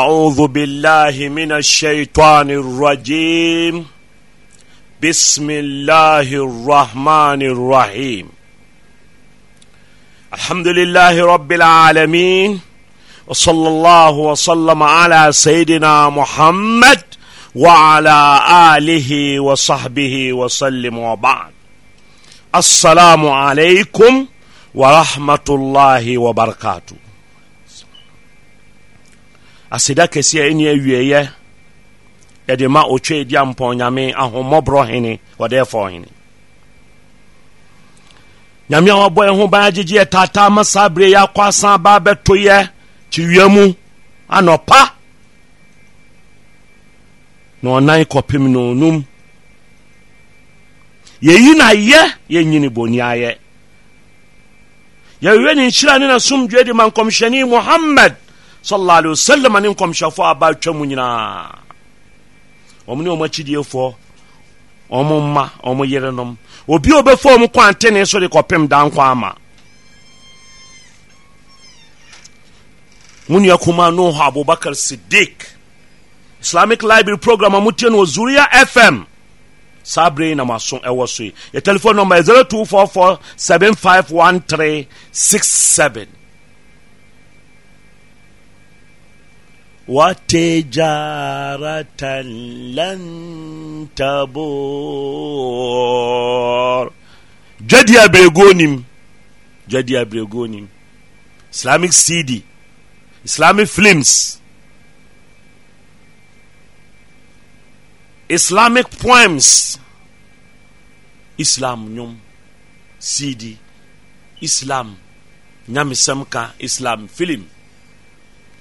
أعوذ بالله من الشيطان الرجيم بسم الله الرحمن الرحيم الحمد لله رب العالمين وصلى الله وسلم على سيدنا محمد وعلى آله وصحبه وسلم وبعد السلام عليكم ورحمة الله وبركاته aseda kɛseɛ ɛne awieɛ yɛde ma otwei dia mpɔn nyame ahommɔborɔ hene wɔdɛɛfɔ hene nyame a wɔbɔ yɛ ho ban agyegye yɛ taataa ma saa bere yɛ akɔ asan baa bɛto yɛ kyiwia mu anɔpa na ɔnan kɔpem no onum yɛyi na yɛ yɛnyini boni ayɛ yɛwɛ ne nhyira ne na somdwe de ma nkɔmhyɛne muhammad sallallahu alaihi wasallam ne nkɔmhyɛfoɔ aba atwa mu nyinaa ɔmo ne ɔmo akyidiefoɔ ɔmo mma ɔmo yerenom obi a obɛfo ɔmo kwan tene so de kɔpem danko ama mo nua kuma noho abubakar siddiq islamic library program a motie no wɔ zuria fm saa bere na maso ɛwɔ so yi yɛ telephone number 0244 751367 وتجارة لن تبور جدي أبريغونيم جدي أبريغونيم Islamic CD Islamic films Islamic poems Islam nyom CD Islam nyamisɛm ka Islam film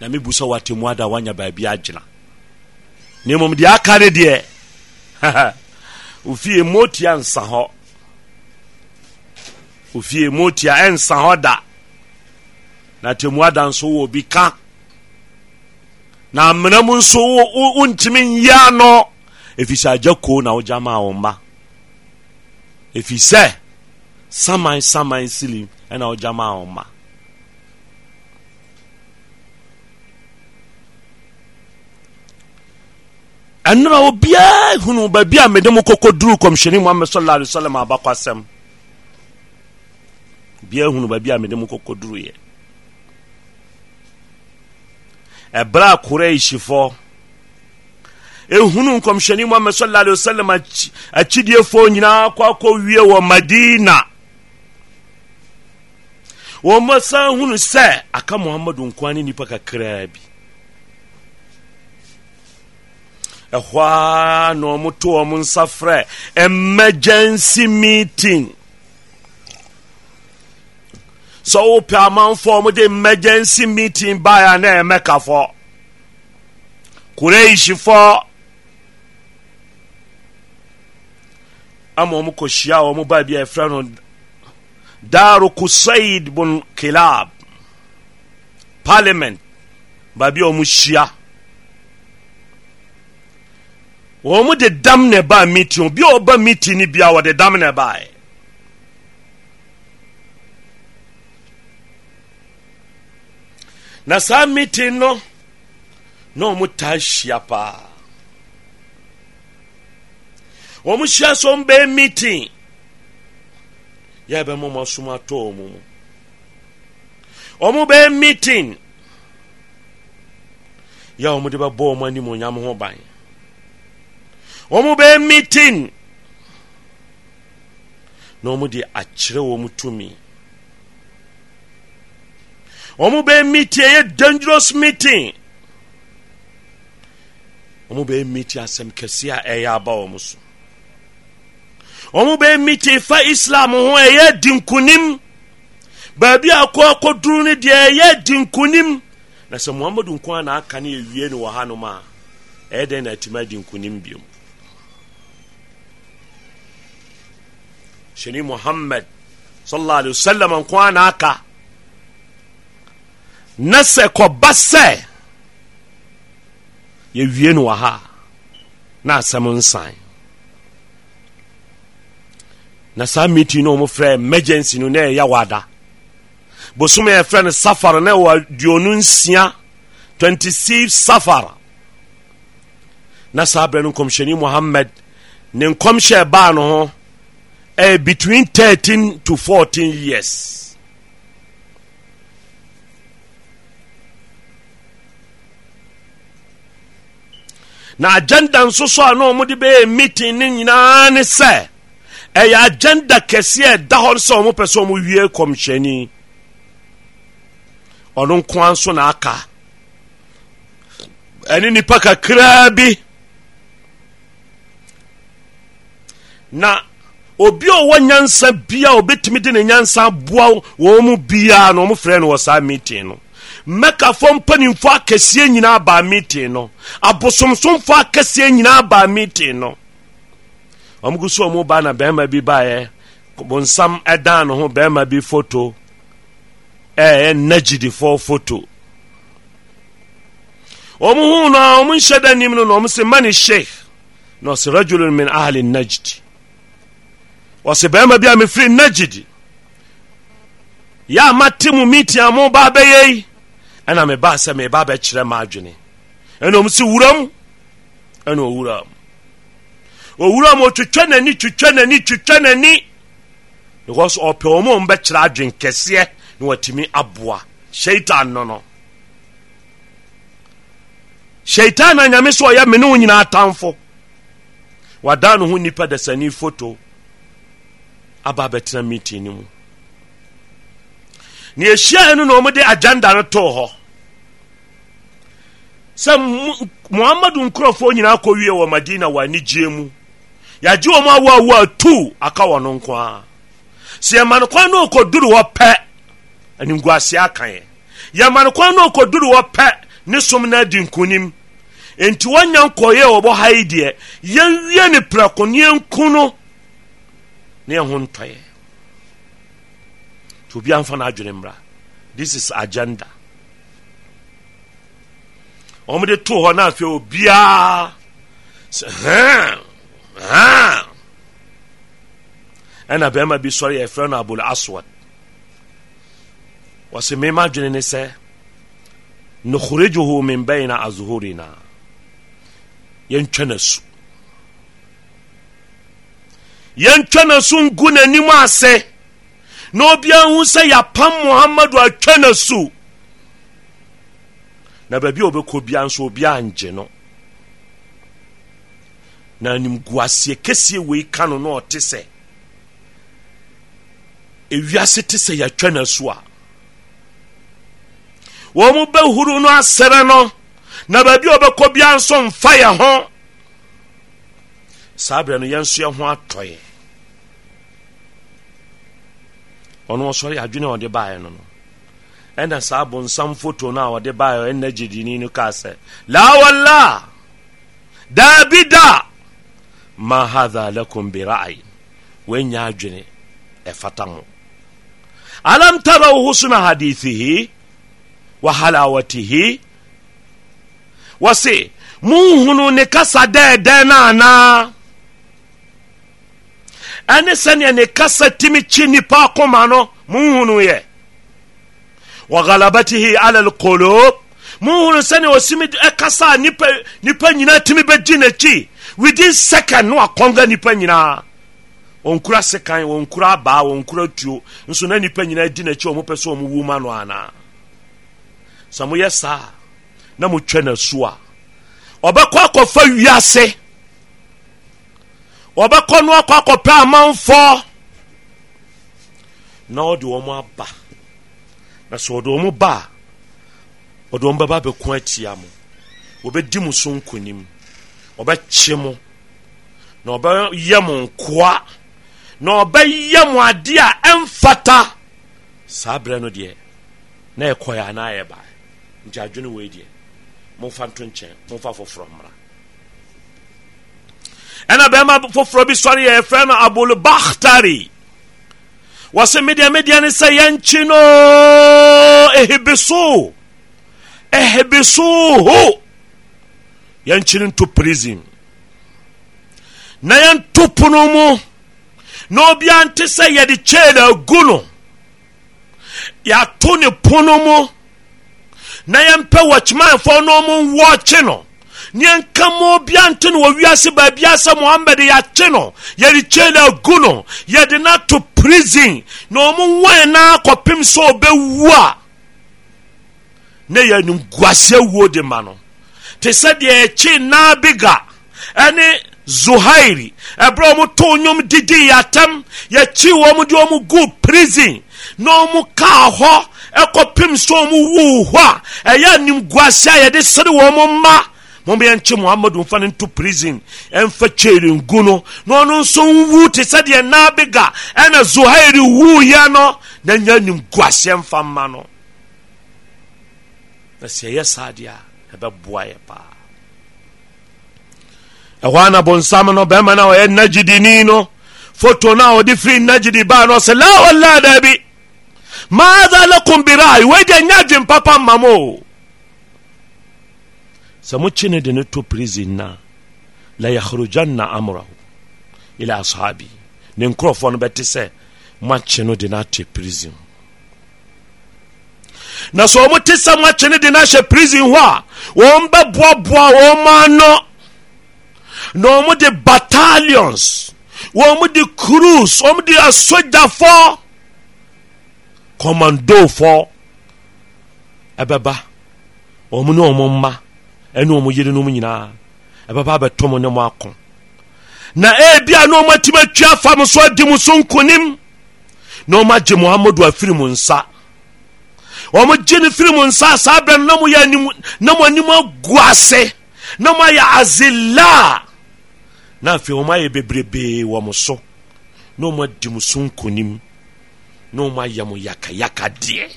na mebu sɛ watemu ada woanya baabi agyina na mmom deɛ aka ne deɛ ofie motia nsa hɔ ofie motia ɛnsa hɔ da na temu ada nso wɔ bi ka na amena mu nso wontimi nyia no ɛfiri sɛ agya koo na wogya maa wo mma ɛfiri sɛ saman saman silim ɛna wogya maa wo mma ɛnora obiaa hunu baabi a mede mo koko duru kɔmhyɛni muhammad sallallahu alaihi wasallam abakɔ asɛm obiaa hunu baabi a mede mo koko duru yɛ ɛberɛ a koraihyifoɔ ɛhunu nkɔmhyɛni muhammad sallallahu alaihi wasallam akyidiefoɔ nyinaa kɔ akɔwie wɔ madina wɔmma san hunu sɛ aka muhammadu nkoa ne nnipa kakraa bi ɛhɔ a na ɔmo to ɔmo nsa frɛ emergency meeting sɛ wopɛ amanfoɔ ɔmo de emergency meeting baeɛ na ɛmɛkafɔ kureihyifoɔ ama ɔmo kɔhyia ɔmo baa bi a ɛfrɛ no daaro kusaid bun kilab parliament baabi a ɔmo hyia wɔn mu de dam na ɛbaa meeting obi a ɔba meeting ni bia wɔde dam na ɛbaa na saa meeting no na wɔn taa hyia paa wɔn hyia so wɔn bɛyɛ meeting yɛ bɛ mo mo som ato wɔn mu wɔn bɛyɛ meeting yɛ wɔn de bɛbɔ wɔn anim onyam ho ban. ɔmu bɛ meeting na ɔmu de akyerɛ wɔ mu tumi ɔmu bɛ meeting ɛyɛ dangerous meeting ɔmu bɛ meeting asɛm a ɛyɛ aba wɔ ọmụ so ɔmu bɛ meeting fa islam ho ɛyɛ di nkonim baabi a kɔ akɔduru no deɛ ɛyɛ di na sɛ muhammadu nko na-aka hanom a ɛyɛ dɛn na atumi adi nkonim sini muhammad sallallahu alaihi wasallam nko ana aka na sɛ kɔba sɛ yɛwie no wɔ ha na asɛm nsan na saa meeting no ɔmo frɛ emergency no na ɛyɛ wada bosom yɛfrɛ no safar na ɛwɔ aduonu nsia 26 safar na saa berɛ no nkɔmhyɛni muhammad ne nkɔmhyɛ baa no ho uh, between thirteen to fourteen years. na agenda nso so a na wɔde bɛyɛ meeting ne nyinaa ne sɛ ɛyɛ agenda kɛseɛ ɛda hɔ sɛ wɔn pɛ sɛ wɔn wie kɔmhyɛni ɔno nkoa nso na aka ɛne nipa kakraa bi na obi a ɔwɔ nyansa bia obɛtumi de ne nyansa boa wɔn mu biaa na ɔmo frɛ no wɔ saa meeting no mɛkafoɔ mpanimfoɔ akɛseɛ nyinaa baa meeting no abosomsomfoɔ akɛseɛ nyinaa baa meeting no ɔmo gu so ɔmo ba na bɛrima bi baeɛ bonsam ɛdan ne ho bɛrima bi foto ɛyɛ nagyidifoɔ foto ɔmo ho no a ɔmo nhyɛ da anim no na ɔmo sɛ mani sheikh na ɔsɛ rajulun min ahali najd wɔse bɛrima bi a mefiri nagyid yɛ a mate mu metiamo ba bɛyɛ yi ɛna meba sɛ meba bɛkyerɛ ma adwene ɛnom se wuram ɛna owuram owuram otwitwa n'ani twitwa n'ani twitwa n'ani because ɔpɛ ɔmo mbɛkyerɛ adwen kɛseɛ na watumi aboa shaitan no no shaitan na nyame sɛ ɔyɛ me wo nyinaa atamfo wada ne ho nnipa dasani foto aba abɛtena meeting no mu ne ɛhyiaɛ no na ɔmde agenda no too hɔ sɛ mohamado nkurɔfoɔ nyinaa kɔwie wɔ madina wɔ anigyeɛ mu yɛagye wɔ m awoawoa tu aka wɔ no nko a sɛ yɛma no kwan na ɔkɔduru hɔ pɛ aninguaseɛ aka ɛ yɛma no kwan na ɔkɔduru hɔ pɛ ne som no adi nkonim enti wɔnya nkɔyɛ wɔbɔ ha yi deɛ yɛnwie ne prɛko ne yɛnku no ne ɛho ntɔeɛ nti obi amfa no adwene mmra this is agenda ɔmde too hɔ no afei obiaa sɛ ɛna bɛrima bi sɔre yɛfrɛ no abul aswad wɔse mema adwene ne sɛ nukhrijuhu min baina azhurina yɛntwa no asu yɛntwa n'asu ngu n'anim ase na obiara hu sɛ yɛapam mohammado atwa n'asu na baabi a wɔbɛkɔ biara nso obiara ngye no na animguaseɛ kɛseɛ wei ka no na ɔte sɛ ewiase te sɛ yɛatwa n'asu a wɔn mu bɛhuru no asɛrɛ no na baabi a wɔbɛkɔ biara nso mfa yɛ ho saa berɛ no yɛn nso yɛ ho atɔeɛ ɔno ɔsɔre adwene ɔde baeɛ no no ɛna saa bonsam foto no a ɔde baeɛ ɛna gyidini no kaa sɛ lawala daabi da ma hadha lakum birai. wɔanya adwene ɛfata ho alam tarau husuna hadithihi wa halawatihi wɔ se monhunu ne kasa dɛɛdɛɛ no anaa ɛne sɛneɛ ne kasa timi kyi nipa koma no monhunu yɛ wagalabatihi ala alqulub monhunu sɛneɛ ɔsimi ɛkasa nipa nipa nyinaa timi bɛgyi n'akyi within second no akɔnga nipa nyinaa ɔnkura sekan ɔnkura abaa ɔnkura tuo nso na nipa nyinaa di n'akyi ɔmo pɛ sɛ ɔmo wu ma no anaa sɛ moyɛ saa na motwa n'asu a ɔbɛkɔ akɔfa wiase wɔbɛkɔ no akɔ akɔpɛ amanfoɔ na ɔde wɔn aba na sɛ ɔde wɔn ba a ɔde wɔn bɛba abɛko atia mo wɔbɛdi mo so nkonim ɔbɛkye mo na ɔbɛyɛ mo nkoa na ɔbɛyɛ mo adeɛ a ɛmfata saa berɛ no deɛ na ɛkɔɛ anaa ɛba nti adwene wei deɛ momfa nto nkyɛn momfa foforɔ mmra ɛna bɛrima foforɔ bi sɔre yɛ yɛfrɛ no abulbahtari wɔ se medeɛ medeɛ ne sɛ yɛnkyi no ehibiso ehibisoho yɛnkyi no nto prison na yɛnto pono mu na obiara nte sɛ yɛde kyee na agu no yɛato ne pono mu na yɛmpɛ wɔkyemanfoɔ no mu nwɔkye no neɛnka mo bia nte no wɔ wiase baabia sɛ mohamad yɛate no yɛde kyele agu no yɛde no to prison na ɔmo wɔn na kɔpem sɛ ɔbɛwu a ne yɛ nimguaseɛ wuo de ma no te sɛ deɛ ɛkye naabiga ɛne zohairi ɛberɛ ɔmo too nnwom didi yɛatɛm yɛkyi wɔ mo de ɔmo gu prison na ɔmo kaa hɔ ɛkɔpem sɛ ɔmo wuu hɔ a ɛyɛ nimguaseɛ a yɛde sere wɔ mo mma mommɛ yɛnkye Muhammadu mfa no nto prison ɛmfa kyere ngu no na ɔno nso nwu te sɛdeɛ nabiga ɛna zohairi wuiɛ no na nya nim guaseɛ mfa mma no na sɛ ɛyɛ saa deɛ a ɛbɛboa yɛ paa ɛhɔ ana bonsam no bɛrima no a ɔyɛ nagyidini no foto no a ɔde firi nagyidi baa no ɔsɛ la walla daabi maadha lakum birai wagya nya adwempapa mma mo sɛ mokye no de no to prison no a la yahrujanna amrahu ila ashabi ne nkurɔfoɔ no bɛte sɛ moakye no de no ahyɛ prison na sɛ ɔmo te sɛ moakye no de no ahyɛ prison hɔ a wɔn bɛboaboa wɔn ano na wɔn de battalions wɔn de crews wɔn de asogyafoɔ commandofoɔ ɛbɛba wɔn ne wɔn mma ɛne ɔmo yerenom nyinaa ɛbɛba bɛtɔ mo ne mo ako na ebia na ɔmo atumi atwi afa mo so adi mo so nkonim na ɔmo agye muhammadu afiri mo nsa ɔmo gye ne firi mo nsa saa berɛ na mo yɛ anim na mo anim agu ase na mo ayɛ azilaa na afei ɔmo ayɛ bebrebee wɔ mo so na ɔmo adi mo so nkonim na ɔmo ayɛ mo yakayaka deɛ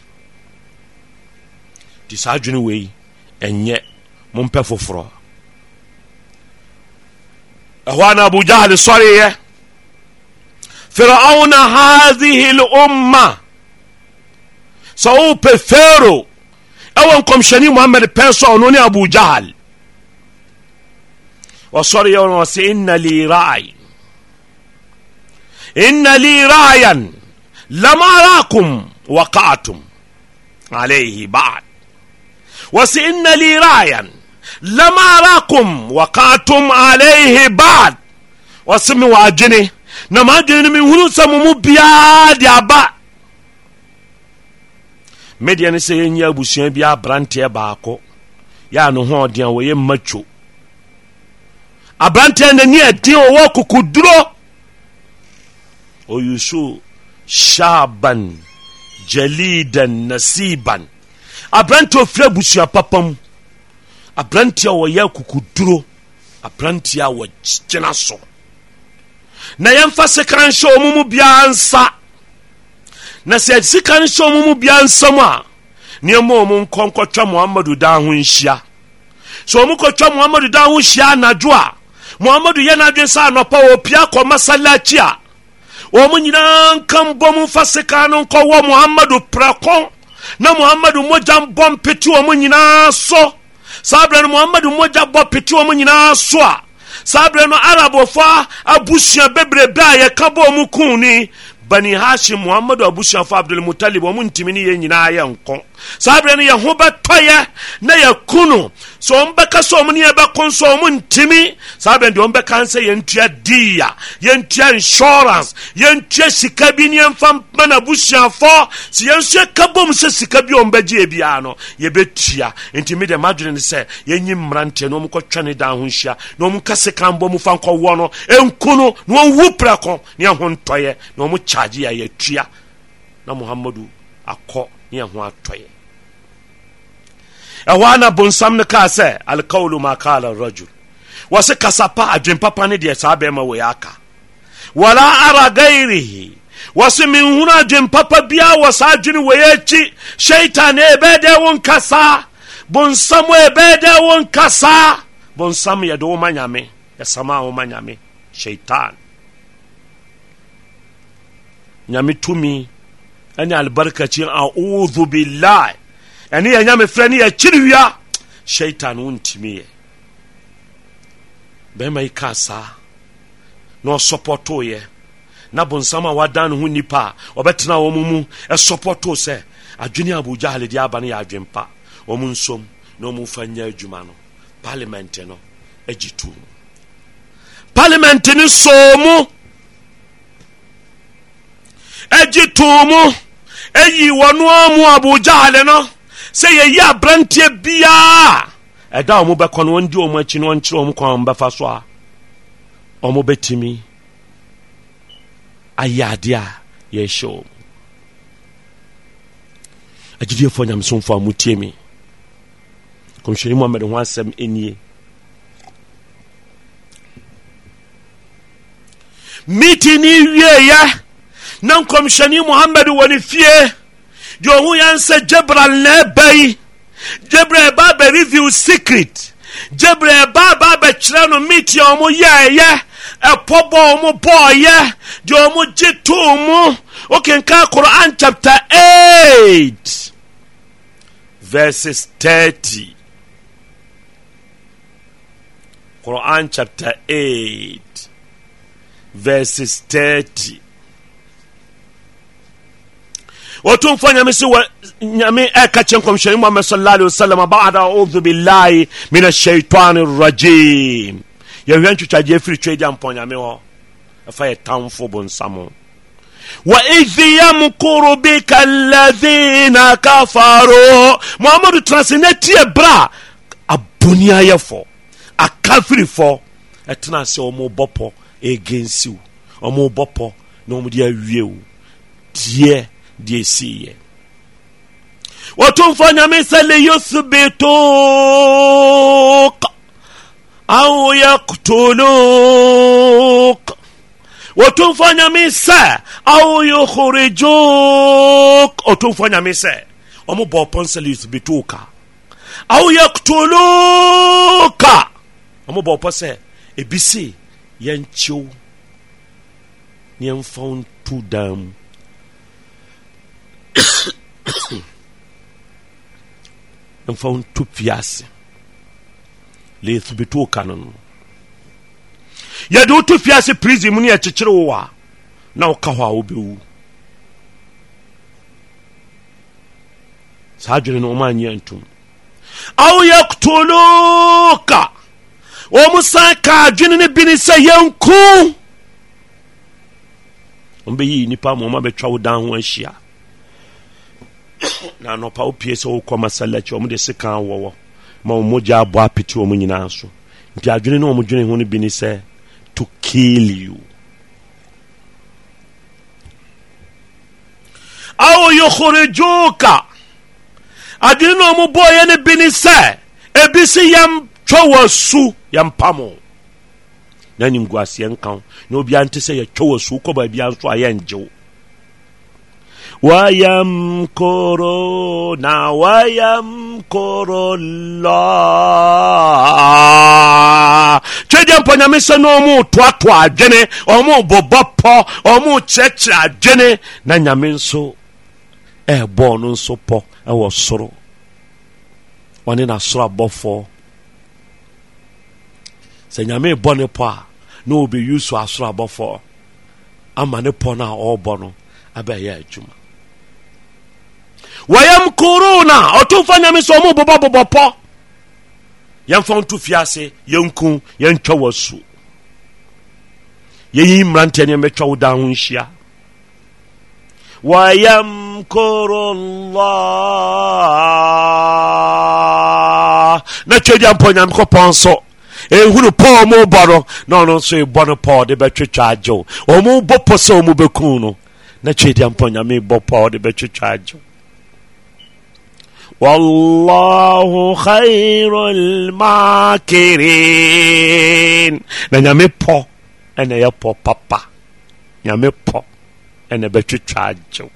nti saa adwene wei ɛnyɛ mompɛ foforɔ ɛhɔ ana abu jahal sɔreeɛ firauna hadhihi lumma sɛ wopɛ fero ɛwɔ nkɔmhyɛne mohamad pɛɛ sɛ ɔno ne abu jahal wɔsɔreeɛ ɔno ɔsɛ inna li rai inna li ra'yan lam arakum waqa'tum alayhi ba'd وسئن li رايا lamarakum wakatum alayhi bad wɔse me wɔ adwene na m'adwene no mehunu sɛ mo mu biaa de aba medeɛ ne sɛ yɛnyi abusua bi aberanteɛ baako yɛa ne ho ɔden a wɔyɛ matwo aberanteɛ n'ani ɛden ɔwɔ kokoduro ɔyusu shaban jalidan nasiban aberanteɛ ɔfiri abusua papa mu aberanteɛ a wɔyɛ akukuduro aberanteɛ a wɔgyina so na yɛmfa sika nhyɛ ɔmo mu biara nsa na sɛ sika nhyɛ ɔmo mu biara nsam a nneɛma ɔmo nkɔ nkɔtwa muhammadu dan ho nhyia sɛ ɔmo kɔtwa muhammadu dan ho hyia anadwo a muhammadu yɛ n'adwe nsa anɔpa wɔpia kɔ masalachi a ɔmo nyinaa nka mbɔ mu mfa sika no nkɔwɔ muhammadu prɛko na muhammadu mogya mbɔ mpete ɔmo nyinaa so saa berɛ no mohamad mogya bɔ pete ɔ mu nyinaa so a saa berɛ no arabɔfoɔ abusua bebrebe a yɛka bɔɔ mu kuu ni bani hashim muhammadu abusuafo abdulmutalib ɔmo ntimi ne yɛ nyinaa yɛ nkɔ saa berɛ no yɛho bɛtɔyɛ na yɛku no sɛ ɔmbɛka sɛ ɔm ne yɛbɛko nso ɔm ntimi saa bɛn deɛ ɔmbɛka sɛ yɛntua dia yɛntua insurance yɛntua sika bi ne yɛmfa ma nabusuafɔ sɛ yɛnso yɛka bom sɛ sika bi ɔmbɛgyeɛ biara no yɛbɛtua enti mede madwene ne sɛ yɛnyi mmeranteɛ na ɔmkɔtwa ne dan ho nhyia na ɔmka sekambɔ mu fa nkɔwɔ no ɛnku no na ɔnwu prɛko ne ɛho ntɔyɛ na ɔmo kyagye a yɛatua na muhammadu akɔ ne ɛho atɔyɛ ɛhɔ ana bonsam no kaa sɛ alkaulu ma kala rajul wɔ se kasa pa adwen ne deɛ saa bɛrima wei aka wala ara gairihi wɔ se menhunu adwen papa wɔ saa adwene wei akyi shaitan ɛbɛɛ dɛ wo nkasaa bonsam ɛbɛɛ dɛ wo nkasaa bonsam yɛde wo ma nyame yɛsama a wo ma nyame shaitan nyame tumi ɛne albarkakyi a'udhu billahi ɛne yɛ nyame frɛ ne yɛkyiri wia shaitan wontimiɛ bɛrima yi kaa saa na ɔsɔpɔtoyɛ na bonsam a wadan ne ho nnipa a ɔbɛtena wɔ mu mu ɛsɔpɔtoo sɛ adwene abogyahaledi aba no yɛ adwen pa ɔmu nsom na ɔmumfa nya adwuma no parliament no agyi too mu parliament no soo mu agyi too mu ɛyi wɔnoa mu abogyahale no sɛ yɛyi aberanteɛ biaa ɛda ɔmo bɛkɔ no wɔndi ɔmo akyi no wɔnkyerɛ ɔmo kwan ɔmo bɛfa so a ɔmo bɛtumi ayɛ adeɛ a yɛhyɛ ɔmo agyidiefoɔ nyamesomfoɔ a motie me kɔmhyɛni muhammad ho asɛm ɛnie meeting ne wieeɛ na nkɔmhyɛni muhammad wɔ ne fie deɛ ɔho yɛn sɛ gyebrel na ɛbɛ yi gyebrel ba bɛ review secret gyebrel ba ba bɛkyerɛ no meeting ɔmo e yɛɛyɛ ɛpɔ bɔ ɔmo bɔɔyɛ deɛ ɔmo gye too mu wokenka koran chapter eight verses thirty Quran chapter 8 verses 30 wɔtumfoɔ nyame se nyame ɛka kyɛ nkɔmhyɛne muhammad sallallahu alaihi wasallam ba'da a'udhu billahi min ash-shaytani rajim yɛhwɛ ntwitwagyeɛ firi twa agya mpɔ nyame hɔ ɛfa yɛ tamfo bonsam وإذ يمكر بك الذين كفروا محمد ترانسينيتي برا أبوني أيفو أكافري فو أتناسي أمو بوبو against you ɔmo bɔpɔ na ɔmo deɛ ɛsiiɛ wɔtomfɔ nyame sɛ liyuthbitok aw yaktuluk wɔtomfɔ nyame sɛ aw yukhrijuk ɔtomfɔ nyame sɛ ɔmo bɔɔ pɔn sɛ liyuthbituka aw yaktuluka ɔmo bɔɔ pɔ sɛ ebisi yɛnkyew ne yɛmfa wo nto dan mu mfa wo nto fiase leɛthubitu wo ka no no yɛde wo to fiase prison mu ne yɛkyekyere wo a na woka hɔ a wobɛwu saa adwene no ɔma anyi antom aw yaktuluka ɔm san ka adwene no bi ne sɛ yɛnku ɔmbɛyii nnipa ma ɔma bɛtwa wo dan ho ahyia na anɔpa wo sɛ wokɔ masalakyi ɔmo de sika wɔwɔ ma wo abɔ apete ɔmo nyinaa so nti adwene ne ɔmo ho no bi ne sɛ to kill you Awo yukhrijuka adwene ne ɔmo no bi ne sɛ ebi si yɛm twɛ wɔ su yɛmpamo na nim guaseɛ nka ho na obiara nte sɛ yɛtwɛ wɔ su wokɔ baabia nso a yɛngye ويمكرون ويمكر الله na ɔmo toatoa adwene ɔmo bobɔ pɔ ɔmo kyerɛkyerɛ adwene na nyame nso ɛɛbɔɔ no nso pɔ ɛwɔ soro ɔne nasoro abɔfoɔ a na ɔbɛyi so asoro abɔfoɔ ama ne wɔyam korona ɔtomfa nyame sɛ ɔmo bobɔbobɔ pɔ yɛmfa nto fiase yɛnku yɛntwa wɔ su yɛyi mmerantɛ ne yɛmɛtwa wo da ho nhyia ويمكر الله na twadi ampɔ nyankopɔn so ɛhunu pɔ ɔmo bɔ no na ɔno nso ɛbɔ no pɔ ɔde bɛtwetwa agyew ɔmo bɔ pɔ sɛ ɔmo bɛku no na twadi ampɔ nyame bɔ pɔ ɔde bɛtwetwa agyew wallahu khairul makirin na nyame pɔ ɛna ɛyɛ pɔ papa nyame pɔ ɛna bɛtwitwa agyew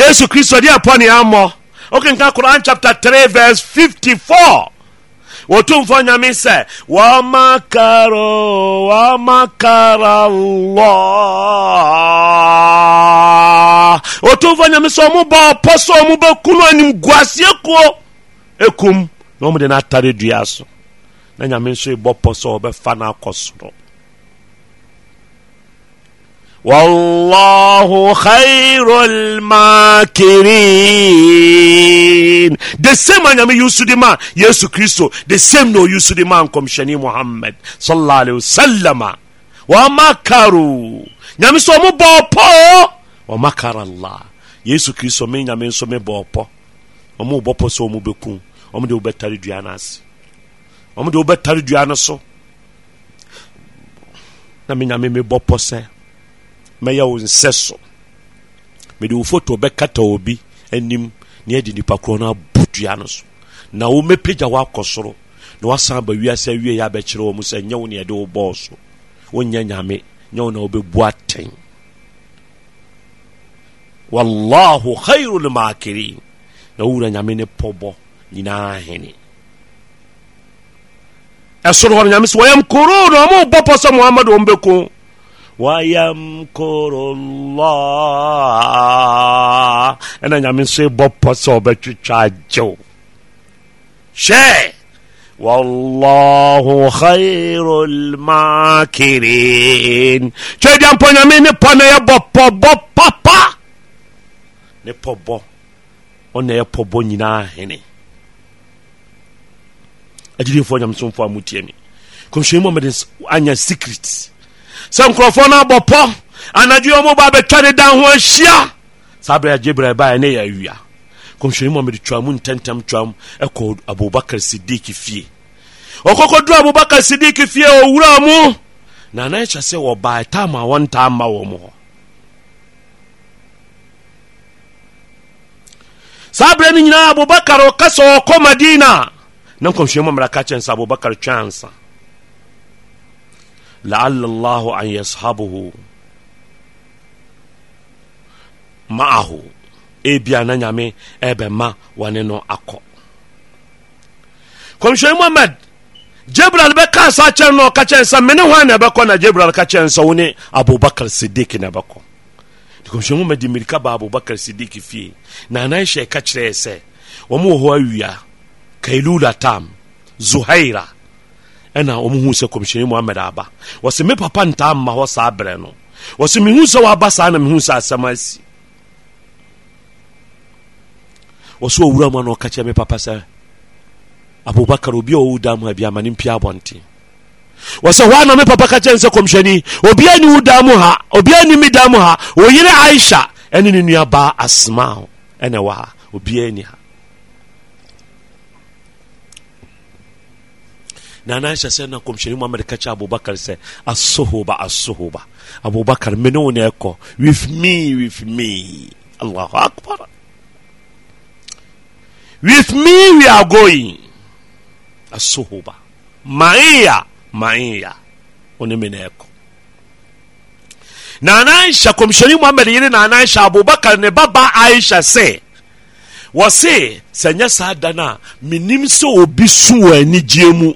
yesu kristo deɛ pɔ ne ammɔ wokenka okay, quran chapter 3 verse 54 ɔtomfɔ nyame sɛ wamakaro wamakara llah ɔtomfɔ nyame sɛ ɔmo ba ɔpɔ sɛ ɔmo bɛkuno anim guaseɛ kuo ɛkum na ɔmode no atare dua so na nyame nso ɛbɔ pɔ sɛ ɔbɛfa no akɔ soro Wallahu khairul makirin. The same anyame yusu di ma Yesu Kristo the same no yusu di ma Shani Muhammad sallallahu alaihi wasallama. Wamakaru nyame sɛ ɔmo bɔ ɔpɔ wamakara Allah Yesu Kristo me nyame nso me bɔ ɔpɔ ɔmo bɔ ɔpɔ sɛ ɔmo bɛkum ɔmo de wobɛtare dua no ase ɔmo de wobɛtare dua no so na me nyame me bɔ pɔ sɛ mɛyɛ wo nsɛ so mede wo foto bɛkata obi anim na yɛde nipa korɔ no abotua no so na womɛpagya woakɔ soro na woasan aba wiase awie yɛ abɛkyerɛ wɔ mu sɛ nyɛ wo ne yɛde wo bɔɔ so wonyɛ nyame nyɛ wo na wobɛbu atɛn wallahu khairu lmakirin na wowura nyame ne pɔbɔ nyinaa hene ɛsoro hɔ no nyame sɛ wɔyɛmkoroo na ɔmobɔ pɔ sɛ mohamad ɔmbɛko wayamkurullah ɛna nyame nso bɔ pɔ sɛ ɔbɛtwitwa agyew hyɛ wallahu khairul makirin twɛdia mpɔ nyame ne pɔ na yɛbɔ pɔbɔ papa ne pɔbɔ ɔna yɛpɔbɔ nyinaa hene agyirifoɔ nyamesomfoɔ a mutie me kɔmhyɛni mu ɔmɛde anya secret sɛ nkurɔfoɔ no abɔ pɔ anadwo ɔmo ba bɛtwa ne dan ho ahyia saa berɛ agye berɛ baɛ ne yɛ awia kɔmhyɛni mɔmede twa mu ntɛmtɛm twa mu ɛkɔ abubakar sidik fie ɔkɔkɔduru abubakar sidik fie ɔwura mu na na ɛkyɛ sɛ wɔbaɛ tam a wɔntaa ma wɔ mu hɔ saa berɛ no nyinaa abubakar ɔka sɛ ɔkɔ madina na nkɔmhyɛni mɔmede aka kyɛn sɛ abubakar twa ansa لعل الله أن يصحبه معه ebia na nyame ɛbɛma wɔne no akɔ kɔmhyɛni mohamad jebral bɛka sa kyɛn no ɔka kyɛn sɛ mene hɔ na ɛbɛkɔ na jebral ka kyɛn sɛ wo ne abubakar sidik na ɛbɛkɔ kɔmhyɛni mohamad mmirika ba abubakar sidik fie na anahyɛ ka kyerɛɛ sɛ wɔm wɔ hɔ awia kailula tam zuhaira ɛna ɔmo hu sɛ kɔmhyɛni mohammed aba wɔsɛ me papa ntaa mma hɔ saa berɛ no wɔsɛ mehu sɛ waba saa na mehu sɛ asɛm asi wɔsɛ ɔwura mu ana ɔka kyerɛ me papa sɛ abubakar obi a ɔwu da mu ha bi ama ne mpia abɔnten wɔsɛ hɔ ana me papa ka kyerɛ sɛ kɔmhyɛni obia ni wu da mu ha obia ni mi da mu ha ɔyere aisha ɛne ne nuabaa asmaa ɛne wɔ ha obia ni ha nana aisha sɛ na kɔmhyɛni muhammad ka kyerɛ abubakar sɛ asohoba asohoba abubakar me ne wo ne ɛkɔ with me with me allahu akbar with me we are going asohoba maia maia wo ne me ne ɛkɔ nana aisha kɔmhyɛni muhammad yere nana aisha abubakar ne baba aisha sɛ wɔse sɛ nyɛ saa da no a menim sɛ obi so wɔ anigyeɛ mu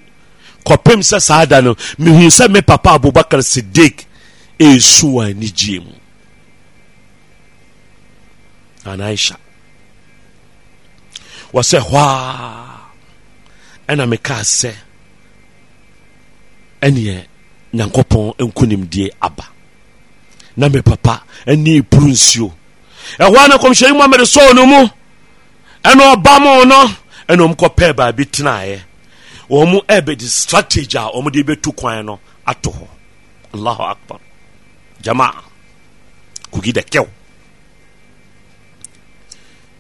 kɔpem sɛ saa da no mehu sɛ me papa abubakar sidik ɛɛsu wɔ anigyee mu anaisha wɔ sɛ hɔaa ɛna mekaa sɛ ɛneɛ nyankopɔn nkonimdie aba na me papa ɛne ɛpuru nsuo ɛhɔ a na kɔmhyɛni muhammed sɔɔ no mu ɛna ɔba mo no ɛna ɔm kɔpɛɛ baabi tenaeɛ wɔn di strategy a wɔn de bɛtu kwan no ato hɔ allahu akbar jamaa kogi da kyɛw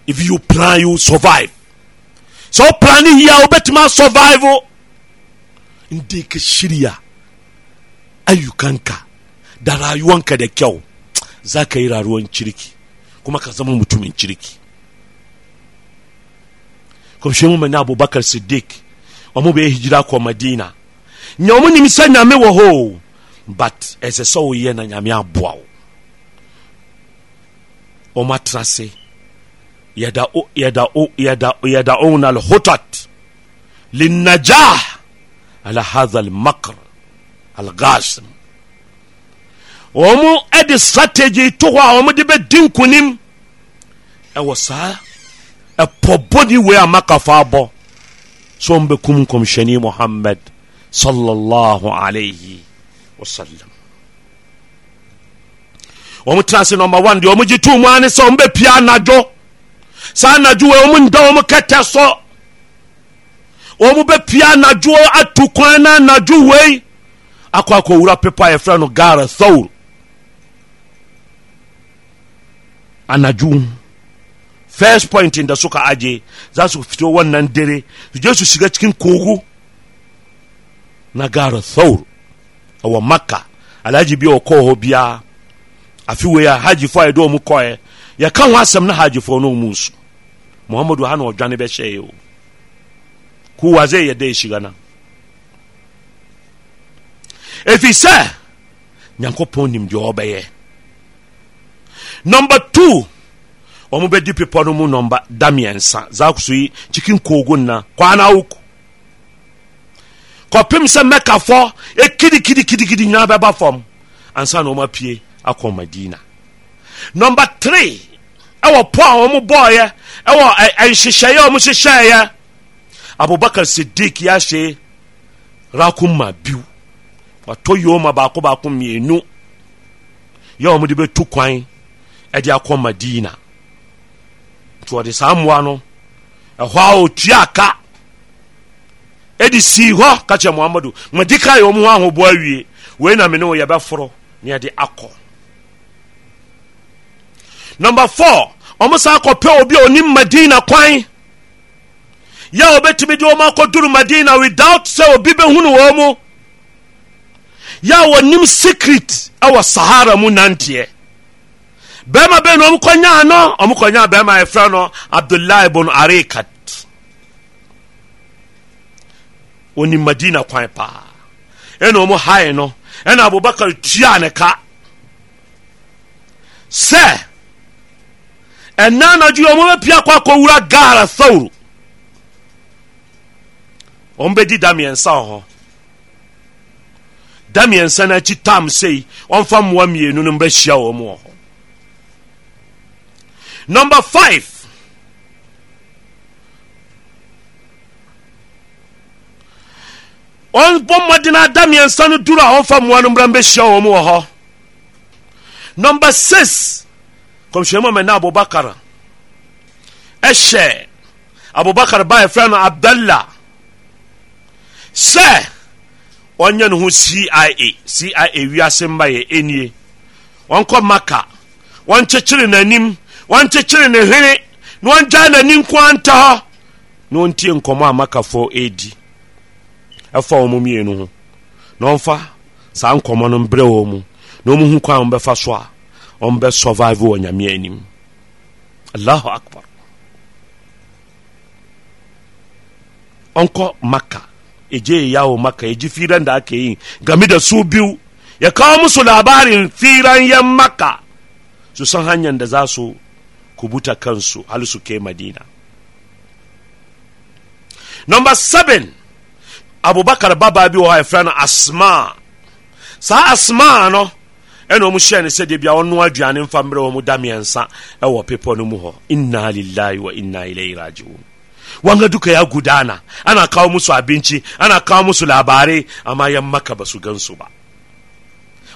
if you plan you survive sɛ o plan yi a wobɛtumi survive o nde ka shirya ayyukanka da rayuwanka da kyau za ka yi rayuwan Nkyiriki kuma ka zama mutumin cirki kwamshin mu abubakar siddiq ɔmo bɛyɛ hijira kɔ madina nyɛ ɔmo nim sɛ nyame wɔ hɔ but ɛsɛ sɛ woyɛ na nyame aboa wo ɔmo atena ase yadauna alhutat linnajah ala hadha almakr algasim ɔmo ɛde strategy to hɔ a ɔmo de bɛdi nkonim ɛwɔ e saa ɛpɔbɔne e wei a makafa abɔ sɛ ɔm bɛkum kɔmhyɛni muhammad sallallahu alayhi wasallam wɔn tena ase nɔmba one deɛ wɔn gye tuu mu ane sɛ wɔn bɛ pia anadwo saa anadwo wɔ wɔn nda wɔn kɛtɛ sɔ wɔn bɛ anadwo atu kwan na anadwo wei akɔ akɔwura pepa yɛfrɛ no gaara thawr anadwo first point da suka aje za su fito wannan dare su je su shiga cikin kogo na gara thaur a wa makka alhaji biya wa koho biya a fi waya haji fo a yadda mu kɔɛ ya kan wa asɛm na haji fo n'o mu muhammadu hana ɔdwane bɛ hyɛ yi o ku wa zai yɛ dɛ shiga na efi sɛ nyankopɔn nim ɔbɛyɛ number two ɔmo bɛdi pepɔ no mu nɔmba da mmiɛnsa zakoso yi kyikin koogo nna kwana woko kɔpem sɛ mɛkafɔ ekidikidikidikidi nyinaa bɛba fam ansa na ɔmo apie akɔ madina nɔmba three ɛwɔ pɔ a ɔmo bɔɔyɛ ɛwɔ nhyehyɛeɛ a ɔmo hyehyɛeɛ abubakar siddiq yahyɛ rakuma biw watɔ yoma baako baako mmienu yɛ ɔmo de bɛtu kwan ɛde e akɔ madina nti wɔde saa mmoa no ɛhɔ a ɔtua aka ɛde sii hɔ ka kyerɛ mohamado madi ka yɛ ɔmo ho ahoboa awie wei na mene wo yɛbɛforo ne yɛde akɔ number four ɔmo saa kɔpɛ obi a ɔnim madina kwan yɛ ɔbɛtumi de ɔmo akɔduru madina without sɛ obi bɛhunu wɔ mu yɛ a wɔnim secret ɛwɔ sahara mu nanteɛ bɛrima bɛi na ɔmkɔnyaa no ɔmkɔnyaa bɛrima yɛfrɛ no abdullah bun arekat ɔnim madina kwan paa ɛna ɔm hae no ɛna abubakar tuaa ne ka sɛ ɛna nadwoyɛ ɔmobɛpia kɔ akɔwura gara thawro ɔmbɛdi damiɛnsa wɔ hɔ damiɛnsa no akyi tam sei ɔmfa mmoa mmienu no mbɛhyia wɔ mu wɔ hɔ Number five. wɔn bɔ mmɔden ada mmiɛnsa no duru a wɔmfa mmoa no mmra mbɛhyia wɔn wɔ hɔ number six kɔmhyɛnmu amena abubakar ɛhyɛ abubakar ba yɛfrɛ no abdalla sɛ ɔnyɛ ne ho cia cia wiase mma yɛ ɛnie wɔnkɔ maka wɔnkyekyere n'anim wɔnkyekyere ne hwene na wɔngyae n'ani nko anta hɔ na ɔntie nkɔmmɔ a makafoɔ ɛredi ɛfa wɔn mmienu ho na ɔmfa saa nkɔmmɔ no mbrɛ wɔn mu na wɔn ho kwan bɛfa so a wɔn bɛ survive wɔ nyame anim allahu akbar ɔnkɔ maka ɛgye yawo maka ɛgye firan da aka yi game da su biyu ya so musu labarin firan maka su ha nyɛ da za so. kubuta kansu hali su kai madina number seven abubakar baba bi wɔ hɔ yɛfrɛ no asma saa asma no ɛna ɔmu hyɛ no sɛdeɛ bia ɔno aduane mfa mmerɛ wɔ mu da mmiɛnsa ɛwɔ pepɔ no mu hɔ inna lillahi wa inna ilaihi rajiun wanga duka ya gudana ana kawo musu abinci ana kawo musu labare amma yan maka ba gansu ba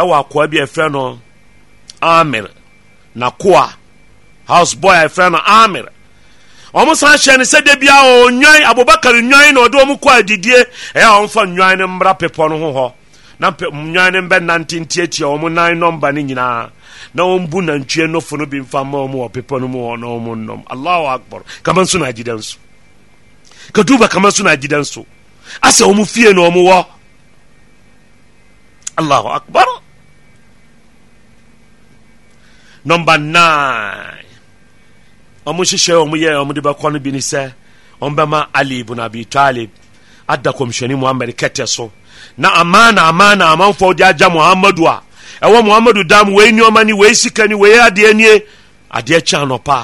ɛwɔ akoa bi ɛfrɛ no amir nakoa house boy ɛfrɛ no amir ɔmo san hyɛ no sɛ da bia ɔnwan abobakar nwan na ɔde ɔmo kɔ adidie ɛyɛ ɔmfa nwan no mmra pepɔ no ho hɔ na nwan no mbɛnantentiatia ɔmo nan nɔmba no nyinaa na ɔmbu nantwie nofo no bi mfa ma ɔmo wɔ pepɔ no mu hɔ na ɔmo nnɔm allahu akbar kama nso na agyida nso kaduba kama nso na agyida nso asɛ ɔmo fie na ɔmo wɔ allahu akbar number nine ɔmo hyehyɛ ɔmo yɛ ɔmo de bɛkɔ no bi ne sɛ ɔmo bɛma ali bunabi, abi ada kɔmhyɛni muhammed kɛtɛ so na amana amana amanfoɔ de agya muhammadu a ɛwɔ muhammadu dam wei nneɔma ni wei sika ni wei adeɛ nie adeɛ kyɛ anɔpa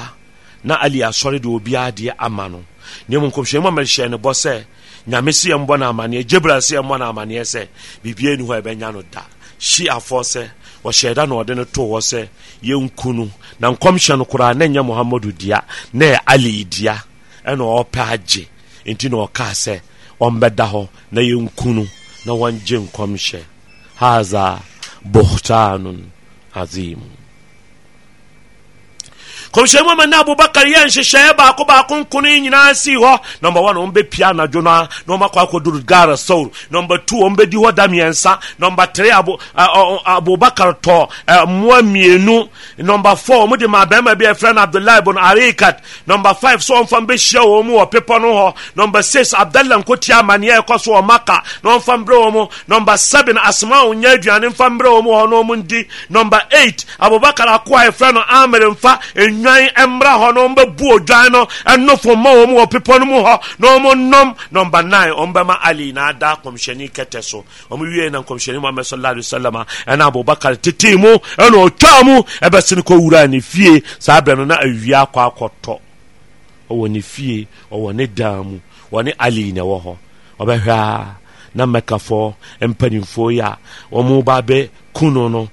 na ali asɔre de obiara adeɛ ama no ne mu nkɔmhyɛni muhammed hyɛ ne bɔ sɛ nyame si yɛ mbɔ no amaneɛ gyebra si yɛ mbɔ no amaneɛ sɛ biribiara ni hɔ ɛbɛnya no da hyi afɔ sɛ ɔhyɛɛ da na ɔde no too hɔ sɛ yɛnku no na nkɔmhyɛ no koraa na ɛnyɛ mohamado dua na ɛ ali dua ɛna ɔpɛ agye na ɔkaa sɛ ɔmbɛda hɔ na yɛnku no na wɔngye nkɔmhyɛ haza buhtanun azim kɔmhyɛni mu amani abubakar yɛ nhyehyɛeɛ baako baako nkono nyinaa sii hɔ nɔmba one wɔn bɛpia anadwo no a na wɔn akɔ akɔduru gara sawr nɔmba two wɔn bɛdi hɔ da mmiɛnsa nɔmba three abo abubakar tɔ mmoa mmienu nɔmba four wɔn ma barima bi a yɛfrɛ no abdullahi bun arikat nɔmba five so wɔn fam bɛhyia wɔn mu wɔ pepɔ no hɔ nɔmba six abdallah nkotia amaneɛ ɛkɔ so wɔ maka na wɔn fam brɛ mu nɔmba seven asoma wɔn nyɛ aduane fam brɛ wɔn mu hɔ na wɔn di nɔmba eight abubakar akɔ a yɛfrɛ no amir nfa enyi nnwan mmra hɔ na ɔmbɛbu odwan no ɛnofo ma wɔ mu wɔ pepɔ no mu hɔ na ɔmɔnom nɔmba 9 ɔmbɛma ali na ada kɔmhyɛni kɛtɛ so ɔmo wie na kɔmhyɛni muhammad sallallahu alaihi wasallam ɛna abubakar tetee mu ɛna ɔtwaa mu ɛbɛsene kɔwura ne fie saa berɛ no na awia akɔ akɔtɔ ɔwɔ ne fie ɔwɔ ne dan mu wɔne ali na ɛwɔ hɔ ɔbɛhwɛ a na mmɛkafoɔ mpanimfoɔ yi a wɔn ba bɛ kunu no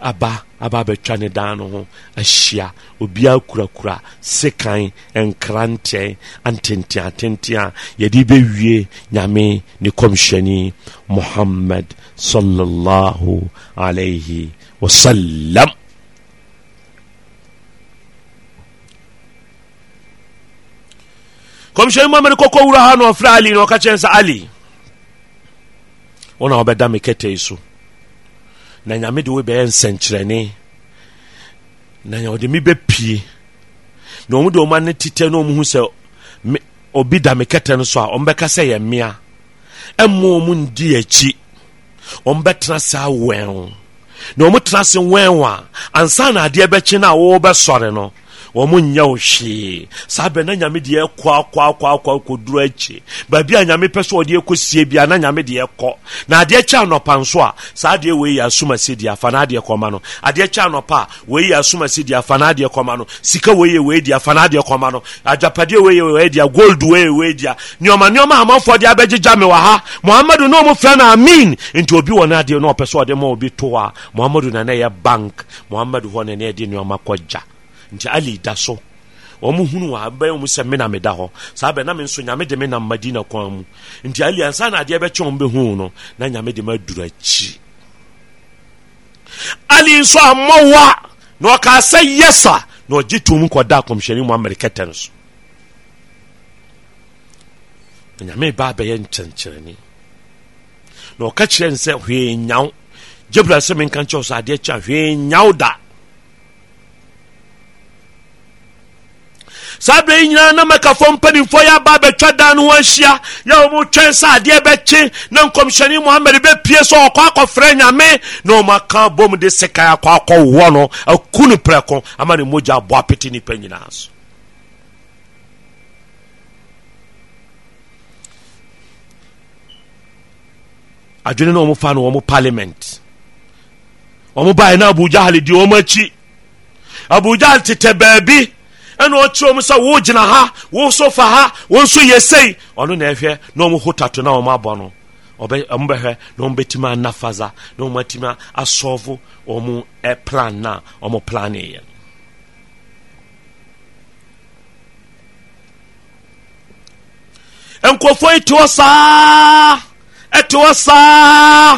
aba aba bɛtwa ne dan no ho ahyia obiaa kurakura sekan nkra ntɛn antenten atenten a yɛde bɛwie nyame ne kɔmhyɛni muhammad sallallahu alaihi wasallam kɔmhyɛni muhammad kɔkɔ wura ha na ɔfrɛ ali na ɔka kyerɛ sɛ ali wona wɔbɛda me kɛtɛi so na nyame de wobɛyɛ nsɛnkyerɛne na ɔde me bɛpie na ɔmu de ɔma ne tetɛ na ɔmuhu sɛ obi da me kɛtɛ no so a ɔmbɛka sɛ yɛ mmea ɛmmoɔ mu ndi akyi ɔmbɛtena saa wɛn na ɔmu tena se wɛn a ansa na adeɛ bɛkye no a bɛsɔre no wɔn nya wo hwee saa bɛn na nyame deɛ kɔ akɔ akɔ akɔ akɔduru akyi baabi a nyame pɛ sɛ ɔde ɛkɔ sie bia na nyame deɛ kɔ na adeɛ kyɛ anɔpa nso a saa adeɛ wei yɛ asoma si deɛ afa na adeɛ kɔma no adeɛ kyɛ anɔpa a wei yɛ asoma si deɛ afa na adeɛ kɔma no sika wei yɛ wei deɛ afa na adeɛ kɔma no adwapadeɛ wei yɛ wei deɛ gold wei yɛ wei deɛ nneɛma nneɛma a amanfoɔ de abɛgyegya me wɔ ha muhammadu na ɔmo fɛ na amin nti obi wɔ n'adeɛ na ɔpɛ sɛ ɔde ma obi to a muhammadu na ne yɛ bank muhammadu hɔ ne ne yɛ de nneɛma kɔgya nti ali da so wɔn hunu wɔ abɛn wɔn sɛ mena meda hɔ saa bɛn na nso nyame de nam madina kwan mu nti ali ansa na adeɛ bɛkyɛ wɔn bɛhu no na nyame deme ma duru akyi ali nso amɔ wa na ɔka sɛ yɛsa na ɔgye tom kɔda akɔmhyɛni mu amerikɛtɛ no so nyame ba bɛyɛ nkyɛnkyerɛni na ɔka kyerɛ no sɛ hwee nyaw gyebra sɛ menka nkyɛw sɛ adeɛ kyɛ hwee nyaw da saa berɛ yi nyinaa na makafo mpanimfoɔ yɛ aba bɛtwa dan no ho ahyia yɛ wɔ mu twɛn sɛ adeɛ bɛkye na nkɔmhyɛne mohamad bɛpie sɛ ɔkɔ akɔfrɛ nyame na ɔmaka bom de sekae akɔ akɔwɔ no aku no prɛko ama ne mogya aboa pete nnipa nyinaa so adwene na ɔmo fa no ɔmo parliament ɔmo baɛ na abujahal di ɔmo akyi abujahal tetɛ baabi ɛna ɔkyerɛ mu sɛ wo gyina ha wo nso fa ha wo nso yɛ sei ɔno na ɛhwɛ na ɔmo ho tato na ɔmo abɔ no ɔmo bɛhwɛ na ɔmo bɛtumi anafaza na ɔmo atumi asɔɔfo ɔmo ɛplan e na ɔmo plan e yɛ nkurɔfoɔ yi te hɔ saa ɛte hɔ saa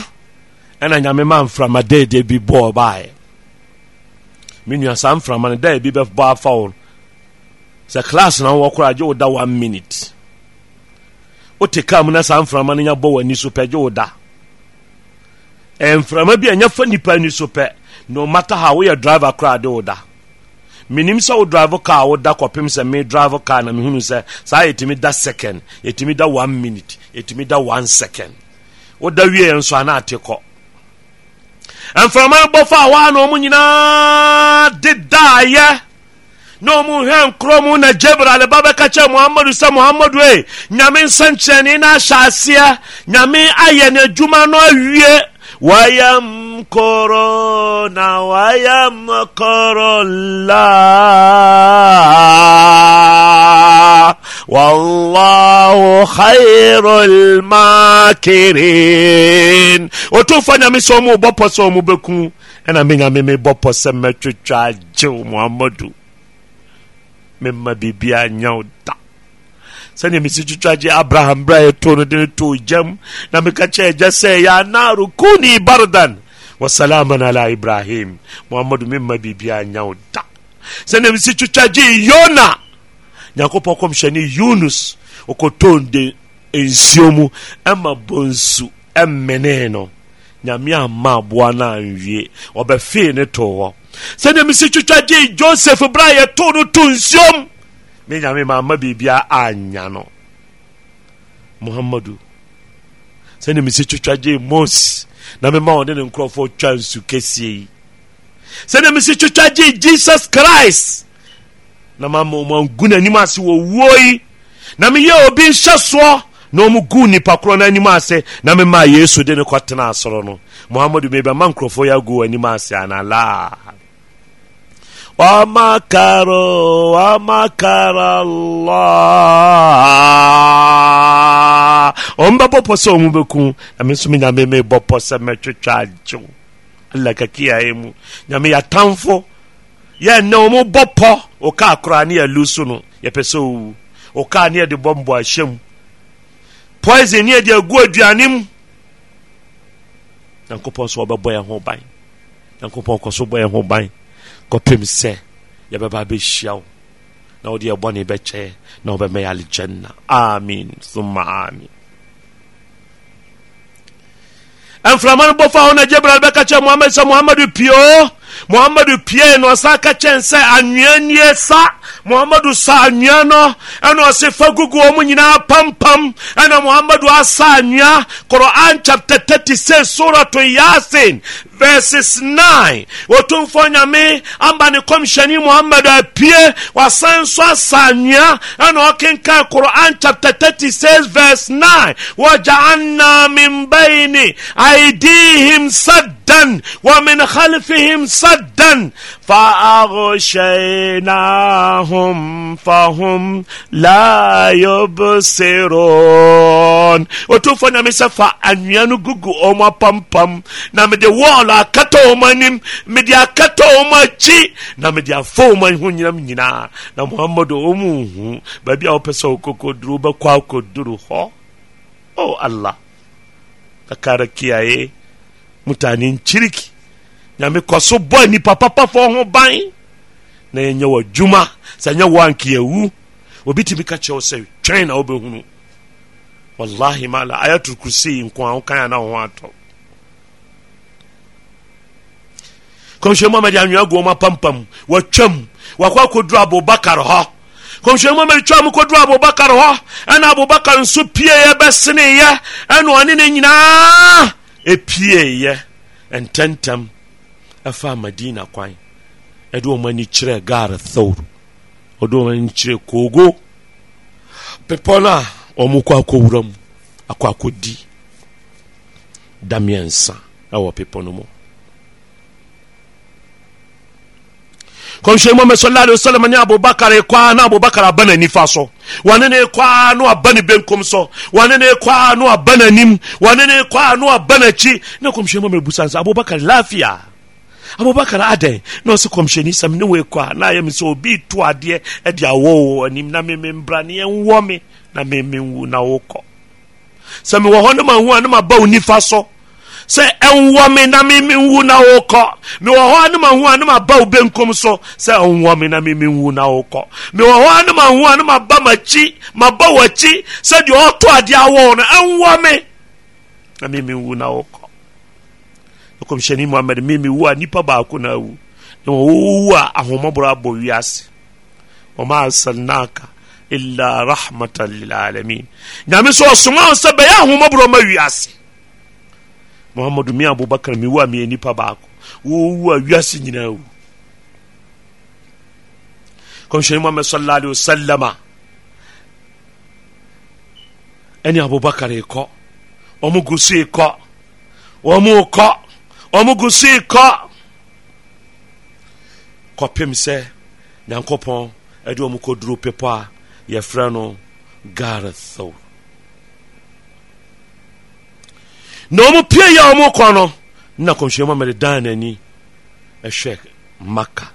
ɛna nyame ma mframa deede e bi bɔɔ baeɛ me nua saa mframa no da bi bɛbɔ afa wo no sɛ class na wɔ koraa gye wo one minute wote kaa mu na saa mframa no nyabɔ w'ani so pɛ gye wo da mframa bi a nyɛfa nnipa ani so pɛ no matter how woyɛ driver koraa de wo da menim sɛ wo drive car woda kɔpem sɛ me drive car na mehunu sɛ saa yɛtumi da second yɛtumi da one minute yɛtumi da one second woda wieɛ nso ana ate kɔ mframa bɔfo a waa na ɔmo nyinaa de daayɛ na ɔmu hwɛ nkorɔ mu na gabriel ba bɛka kyerɛ muhammadu sɛ muhammadu e nyame nsɛnkyerɛnne no ahyɛ aseɛ nyame ayɛ ne adwuma no awie ويمكرون ويمكر الله والله خير الماكرين وتوفى نامي سومو بوبو سومو بكو انا مي نامي بوبو سمتو تشاجو محمدو mema biribiaa nyɛ da sɛnea mesi twitwagye abraham berɛ a ɛto no de no gyam na meka kyɛ agya sɛ ya naro kuni bardan wasalaman ala ibrahim mohamado mema biribiaa nyɛ da sɛnea mesi twitwagye yona nyankopɔn kɔmhyɛne yunus ɔkɔtoo de nsuo mu ɛma bonsu ɛmmenee no nyame amma aboa no anwie ɔbɛfee ne too hɔ sɛdeɛ mesi twitwa gyei joseph berɛ a yɛtoo no to nsuom me nyame maama biribia anya no muhammadu sɛdeɛ mesi twitwa gyei mose na mema ɔne ne nkurɔfoɔ twa nsu kɛsie yi sɛdeɛ mesi twitwa gyei jesus christ na mama ɔmo angu n'anim ase wɔ wuo yi na meyɛ obi nhyɛ soɔ na ɔmo gu nipa korɔ no anim ase na mema yesu de ne kɔtena asɔrɔ no muhammadu mebɛma nkurɔfoɔ yɛ agu wɔ ase analaa ومكروا ومكر الله ɔmbɛbɔ pɔ sɛ ɔmu bɛku na me nso me nyame mebɔ pɔ sɛ mɛtwetwa agyew alla kakiaɛ mu nyame yɛatamfo yɛnnɛ ɔmu bɔ pɔ ɔkaa koraa ne yɛlu so no yɛpɛ sɛ ɔwu ɔkaa ne yɛde bɔ mbɔahyɛ mu poison ne yɛde agu aduane mu nyankopɔn so wɔbɛbɔ yɛn ho ban nyankopɔn kɔ so kɔpem sɛ yɛbɛba bɛhyia wo na wode yɛbɔne bɛkyɛ na wobɛmɛ yɛ aljanna amin thumma amin ɛmframa no bɔfa ho na gyebral bɛka kyerɛ mohamad sɛ mohamado pio mohamado pie na ɔsa ka kyɛn sɛ anwea nie sa mohamado sa anwea no ɛna ɔse fa gugu ɔ mu nyinaa pampam ɛna mohamado asa anwea quran chapter 36 surato yasin verses 9 wɔtomfoɔ nyame amba ne kɔmhyɛne mohammad apie wasan so asa nnua ɛna ɔkenkan koran chapter 36 verse 9 wɔgya anna min baini aidihim sad سدا ومن خلفهم سدا فأغشيناهم فهم لا يبصرون وتوفى نمسا فأنيانو غوغو أوما بام بام نمدي والا أكتا أوما نم مدي أكتا أوما جي نمدي أفو أوما يهون ينام ينا نمحمد أومو بابي أو پسا وكوكو درو بكوا وكو درو هو أو الله تكاركي أيه mutane nkyiriki nyame kɔ so bɔɔ nnipa papafoɔ ho ban na yɛnyɛ wɔ adwuma sɛ ɛnyɛ wɔ ankeawu obi tumi ka kyerɛ wo sɛ twɛn na wobɛhunu wallahi mala ayatul kursi nko a wokan ana ho atɔ kɔmhyɛ muhammad anwea go ma pampam watwam wakɔ akɔduru abobakar hɔ kɔmhyɛ muhammad twa mu kɔduru abobakar hɔ ɛna abobakar nso pie yɛ bɛseneyɛ ɛna ɔne ne nyinaa ɛpieeɛ ntɛntɛm ɛfaa madina kwan ɛde wɔn ani kyerɛ gar thor ɔde wɔn ani kyerɛ kogo pepɔ no a wɔn kɔ akɔwura mu akɔ akɔdi da ɛwɔ pepɔ no mu kɔmhyɛni mɔmɛ sɔlɔ alayi sɔlɔ ne abubakar ekwa na abubakar aba na nifa so wɔne ne ekwa no aba ne benkum so wɔne ne ekwa no aba na nim wɔne ne ekwa no aba na akyi na kɔmhyɛni mɔmɛ busa nsa abubakar lafiya abubakar adan na ɔsɛ kɔmhyɛni sɛm ne wɔ ekwa na ayɛ mi sɛ obi to adeɛ ɛde awɔ wɔ anim na mɛmɛ mbra ne ɛnwɔ me na mɛmɛ nwu na wɔkɔ sɛ mewɔ hɔ ne ma hu a ne ma ba wo nifa so sɛ ɛnwɔ me na memenwu na wokɔ mewɔ hɔ anom ahu anom aba wo benkum so sɛ ɛnwɔ me na memenwu na wokɔ mewɔ hɔ anom ahu anom aba makyi maba w'akyi sɛ deɛ ɔtɔ adeɛ awɔ no ɛnwɔ me na memenwu na wokɔ ɛkɔmhyɛne muhammad memewu a nnipa baako na awu na wɔwowu a ahomɔborɔ abɔ wiase wɔma arsalnaka illa rahmatan lilalamin nyame sɛ ɔsoma sɛ bɛyɛ ahomɔborɔ ma wiase muhammadu mi abubakar mi wa mi nipa baako wowu a wiase nyinaa wu kɔmhyɛni muhammad sallallahu alaihi wasallama ɛne abubakar ekɔ ɔmo gu so ekɔ ɔmo kɔ ɔmo gu so ekɔ kɔpem sɛ nyankopɔn ɛde ɔmo kɔduro pepɔ a yɛfrɛ no gareth thought na ɔmo pie yɛ ɔmo kɔ no na kɔmhyia muhammad dan n'ani ɛhwɛ maka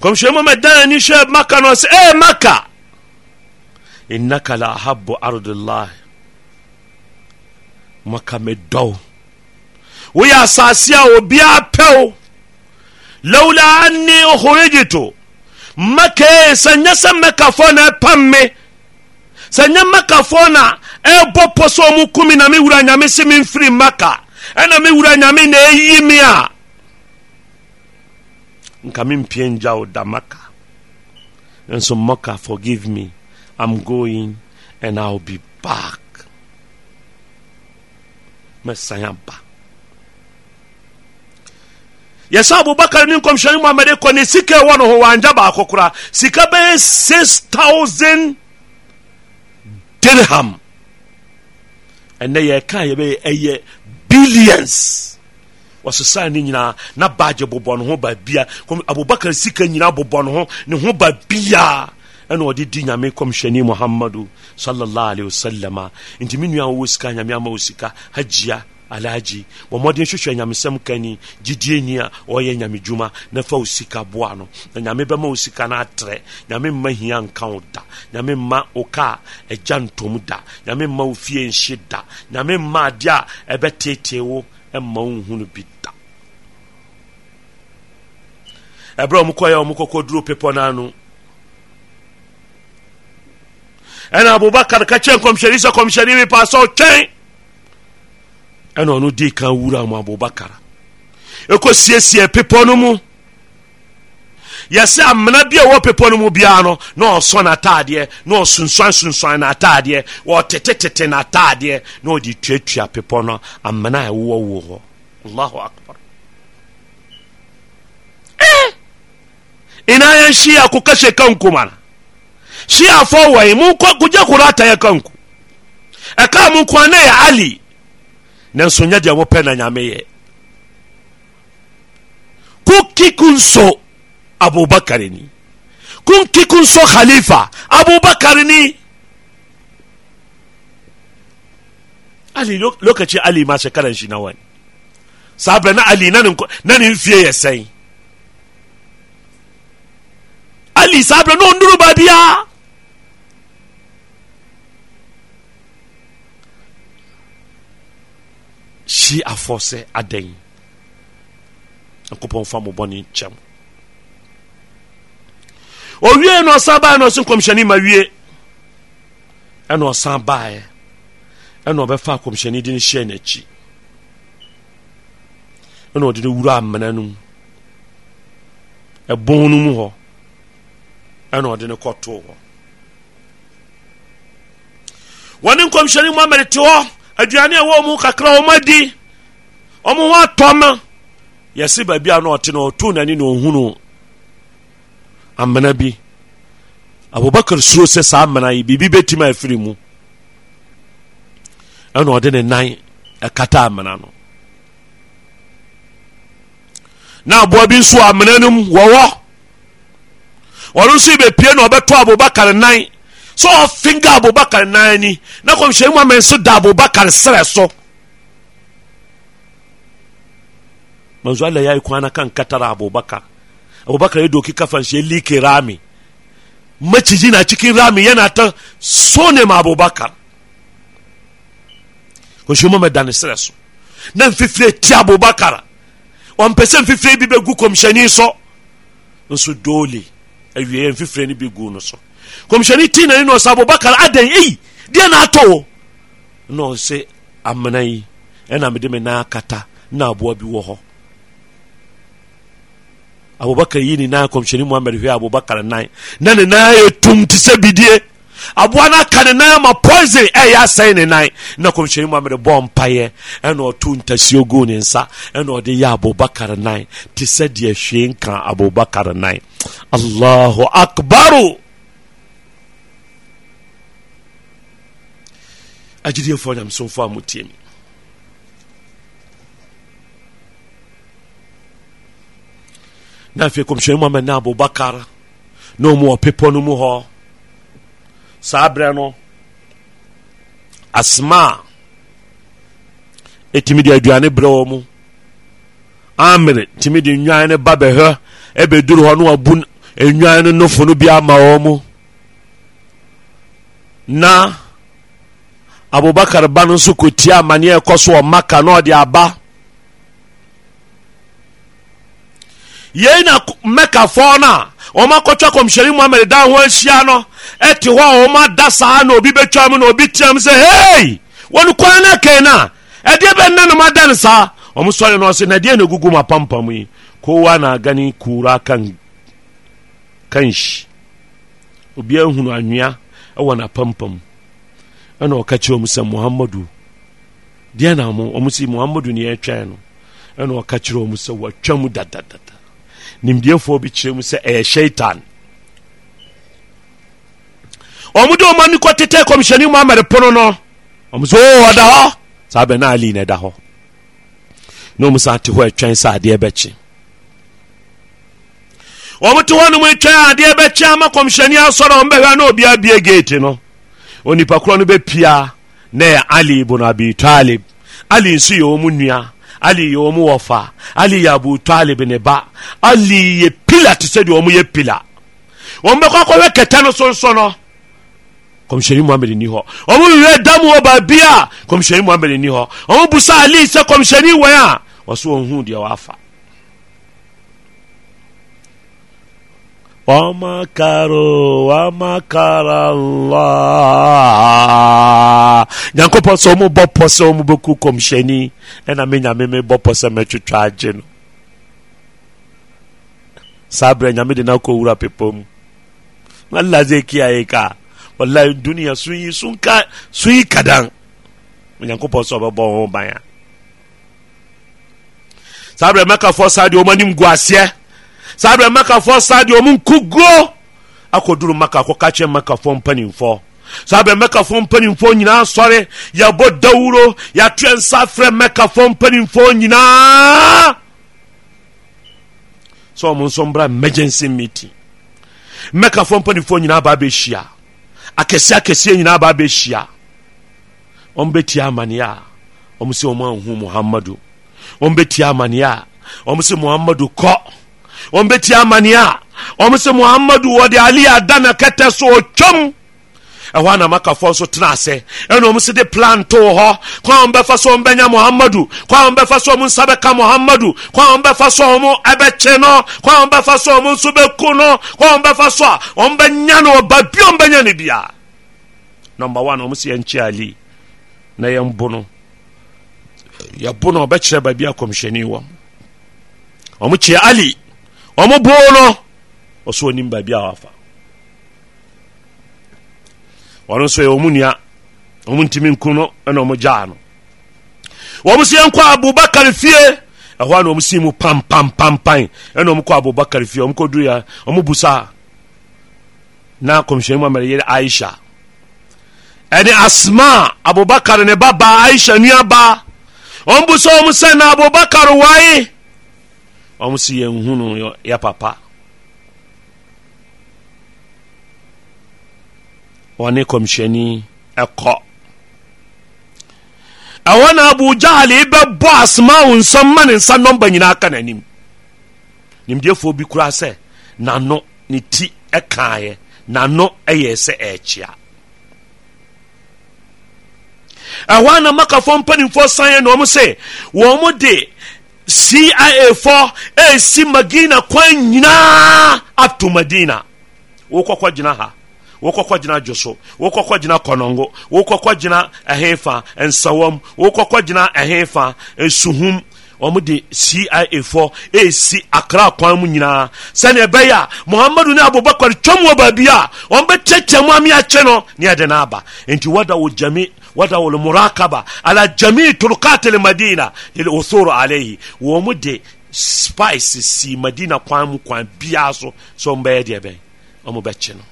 kɔmhyia muhammad dan n'ani hwɛ maka no ɔsɛ ɛɛ maka innaka la ahabu ardillah maka medɔw woyɛ asase a obiaa pɛw laula anni uhurigito maka sɛ nyɛ sɛ makafoɔ na ɛpam me sɛ nyɛ makafoɔ na ɛbɔ pɔ sɛ ɔmu kumi na me wura nyame se memfiri maka ɛna me wura nyame na ɛyi me a nka mempie ngya wo da maka nso maka forgive me i'm going and i'll be back mɛsan aba yɛsɛ abubakar ne nkɔmhyɛne kɔ ne sika ɛwɔ no ho sika bɛyɛ dirham ɛnɛ yɛka yɛbɛyɛ ɛyɛ billions wɔsesaa ne nyinaa na baagye bobɔ ne ho baabia abubakar sika nyinaa bobɔ ne ho ne ho baabiaa ɛna ɔde di nyame kɔmhyɛni muhammadu sallallahu alaihi wasallam a nti me nua wɔwɔ sika nyame ama wɔ sika hagyia alagye bɔ mmɔden hwehwɛ nyamesɛm kani gyidie ni a ɔyɛ nyame dwuma na fa wo sika boa no na nyame bɛma wo sika no atrɛ nyame mma hia nka wo da nyame mma wo ka a agya ntom da nyame mma wo fie nhye da nyame mma adeɛ a ɛbɛtetee wo ɛmma wo nhunu bi da ɛberɛ a ɔmokɔyɛ a ɔmokɔkɔduro pepɔ no ano ɛna abubakar ka kyerɛ nkɔmhyɛni sɛ kɔmhyɛni mepaa sɛ ɔtwɛn ɛna ɔno dii kan wura mu abubakara ɛkɔ siesie pepɔ no mu yɛsɛ amena bi a ɛwɔ pepɔ no mu biara no na ɔsɔ n'ataadeɛ na ɔsunsuan sunsuan n'ataadeɛ ɔtetetete n'ataadeɛ na ɔde tuatua pepɔ no amena a ɛwowɔ wo hɔ allahu akbar eh! ina yɛn hyia ko kashe kanku mana hyia fɔ wɔyi mu kɔ kogya koro atayɛ kanku ɛkaa mu kwan na yɛ ali nanso nyɛ deɛ mopɛ na nyameyɛ kunkiku nso abubakar ni kunkiku nso khalifa abubakari ni ali lokaci ali ma shekaran shi nawa ne sabra na ali na nin fiye ya sai ali sabra na onduru badiya hyi afɔ sɛ adɛn nyankopɔn fa mo bɔne nkyɛm owie na ɔsan baeɛ na ɔse nkɔmhyɛne ma wie ɛna ɔsan baeɛ ɛna ɔbɛfa akɔmhyɛne de no hyɛ n'akyi ɛna ɔde no wura amena no mu ɛbon no mu hɔ ɛna ɔde no kɔtoo hɔ wɔne nkɔmhyɛne mu amɛde te hɔ aduane a ɛwɔ mu kakra wɔn adi wɔn ho atɔ ma yɛsi baabi a ɔte no ɔto n'ani na ɔhunu amena bi abubakar suro sɛ saa amena yi biribi bɛtumi afiri mu ɛna ɔde ne nan ɛkata amena no na aboa bi nso amena no mu wɔwɔ ɔno nso bɛpie na ɔbɛtɔ abubakar nan sɛ so, ɔfinga abubakar nan ni na kɔmhyɛni muhammed nso da abubakar serɛ so manzo Allah yayi kwana kan katara abubakar abubakar ya doki kafan shi like rami maciji na cikin rami yana ta so ne ma abubakar ko shi muhammed dan serɛ so na mfifire ti abubakar ɔmpɛ sɛ mfifire bi bɛgu kɔmhyɛni so nso dole awie mfifire no bi gu no so kɔmhyɛne ti nani na ɔsɛ abubakar adan ei deɛ na atɔ wo na ɔsɛ amena yi ɛna mede me naa kata na aboa bi wɔ hɔ abubakar yi nyinaa kɔmhyɛne muhammad hwɛ abubakar nan na ne nan yɛ tum te sɛ bidie aboa no aka ne nan ma poison ɛyɛ asɛe ne nan na kɔmhyɛne muhammad bɔ mpayɛ ɛna ɔto ntasuo gu ne nsa ɛna ɔde yɛ abubakar nan te sɛ deɛ hwee nka abubakar nan allahu akbaru agyidiefoɔ nyamesomfoɔ a motie mu na afei kɔmhyɛni mu amane abobakar na ɔmu wɔ pepɔ no mu hɔ saa berɛ no asma a ɛtumi de aduane berɛ wɔ mu amere tumi de nnwan no ba bɛhwɛ ɛbɛduru hɔ na wabu nnwan no nofo no bi ama wɔ mu na abubakar ba no nso kɔtia amanneɛ ɛkɔ so wɔ maka na ɔde aba yei na mɛkafoɔ no a wɔma akɔtwa kɔmhyɛni muhammed dan ho ahyia no ɛte hɔ a wɔma saa na obi bɛtwa mu na obi tiam sɛ hei wɔne kwan no akɛi no a ɛdeɛ bɛnna no mada no saa ɔmo sɔre no ɔse na deɛ na ɛgugu mu apampam yi kowa na agane kura kan kanhyi obiaa hunu anwea ɛwɔ napampam ɛna ɔka kyerɛ mu sɛ muhammadu deɛ na mo ɔmo si muhammadu ne yɛtwɛn no ɛna ɔka kyerɛ mu sɛ wɔatwa mu dadadada nimdeɛfoɔ bi kyerɛ mu sɛ ɛyɛ shaitan ɔmo de ɔmo ani kɔ tetɛ kɔmhyɛni muhammed pono no ɔmo sɛ oo ɔda hɔ saa bɛ na ali na ɛda hɔ na ɔmo san te hɔ ɛtwɛn sɛ adeɛ bɛkye ɔmo te hɔ nom ɛtwɛn adeɛ bɛkye ama kɔmhyɛni asɔre ɔmo bɛhwɛ na obi abie gate no onipa korɔ no bɛpia na yɛ ali ibn abi talib ali nso yɛ wɔn nua ali yɛ wɔn wɔfa ali yɛ abu talib ne ba ali yɛ pila te sɛ deɛ wɔn yɛ pila wɔn bɛkɔ akɔwɛ kɛtɛ no so nso no kɔmhyɛni muhammed ni hɔ wɔn wiwɛ damu wɔ baabi a kɔmhyɛni muhammed ni hɔ wɔn busa ali sɛ kɔmhyɛni wɛn a wɔso wɔn hu deɛ wɔafa wɔmakaru wɔmakara allah nyankopɔn sɛ ɔmo bɔ pɔ sɛ ɔmo bɛku kɔmhyɛni ɛna me nyame me bɔ pɔ sɛ mɛtwitwa agye no saa berɛ nyame de no akɔwura pepɔ mu wala ze kiaye ka wallahi duniya sun yi sun kadan nyankopɔn sɛ ɔbɛbɔ ho ban a saa berɛ mɛkafoɔ saa deɛ ɔmanim gu aseɛ saa berɛ makafoɔ saa deɛ ɔmo nkoguo akɔduru maka kɔka kyerɛ makafoɔ mpanimfoɔ saa berɛ mɛkafoɔ mpanimfoɔ nyinaa sɔre yɛbɔ dawuro yɛatoɛ nsa frɛ mɛkafoɔ mpanimfoɔ nyinaa sɛ ɔmo nso mbra emergency meeting mɛkafoɔ mpanimfoɔ nyinaa baa bɛhyia akɛseɛ akɛseɛ nyinaa baa bɛhyia ɔm bɛtia amanneɛ a ɔm sɛ ɔm anhu muhammado ɔm bɛtia amanneɛ a ɔm sɛ muhammado kɔ wɔn bɛti amane a wɔn sɛ muhammadu wɔde ali adana kɛtɛ so ɔtwam ɛhɔ anamakafoɔ nso tena ase ɛna ɔm se de plan too hɔ kwan a ɔmbɛfa so ɔmbɛnya muhammadu kwan a ɔmbɛfa so ɔm nsa bɛka muhammadu kwan a ɔmbɛfa so ɔm ɛbɛkye no kwan a ɔmbɛfa so ɔm nso bɛku no kwan a ɔmbɛfa so a ɔmbɛnya no ɔba bio ɔmbɛnya no bia number one ɔm se yɛnkye ali na yɛmbo no yɛbo no ɔbɛkyerɛ baabi a kɔmhyɛni wɔ ɔm kyee ali ɔmo boo no ɔso onim baabi a wafa ɔno nso yɛ ɔmo nua ɔmo ntimi nku no ɛna ɔmo gyaa no wɔm so yɛnkɔ abubakar fie ɛhɔ ana ɔm sii mu pampampampan ɛna ɔm kɔ abubakar fie ɔm kɔduruya ɔmo busa na kɔmhyɛni mu amɛre yere aisha ɛne asma abubakar ne babaa aisha nuabaa ɔm busa ɔm sɛ na abubakar wae ɔmo si yɛn hunu yɛ papa ɔne kɔmhyɛni ɛkɔ ɛwɔ na abu jahali bɛbɔ asmau nsɛm ma ne nsa nɔmba nyinaa ka n'anim nimdeefoɔ bi koraa sɛ n'ano ne ti ɛkaeɛ n'ano ɛyɛ sɛ ɛɛkyea ɛhɔ a na makafoɔ mpanimfoɔ na ɔm se wɔn de cia fɔ ɛsi madina kwan nyinaa up to madina wo kɔkɔ gyina ha wo kɔkɔ gyina joso wo kɔkɔ gyina kɔnɔngo wo kɔkɔ gyina ɛhe fa nsawam wo kɔkɔ gyina ɛhe fa suhum wɔn de cia fɔ ɛsi akra kwan mu nyinaa sɛnea ɛbɛyɛ a muhammadu ne abubakar twɛm wɔ baabi a wɔn bɛ kyɛkyɛ mu ami akyɛ no ne yɛde n'aba nti wada wo gyame wadaw lmurakaba ala jamii turukati lmadina liluthuru alayhi wo mu de spice si madina kwan mu kwan biaa so sɛ ɔm bɛyɛ deɛ bɛn ɔmo bɛkye no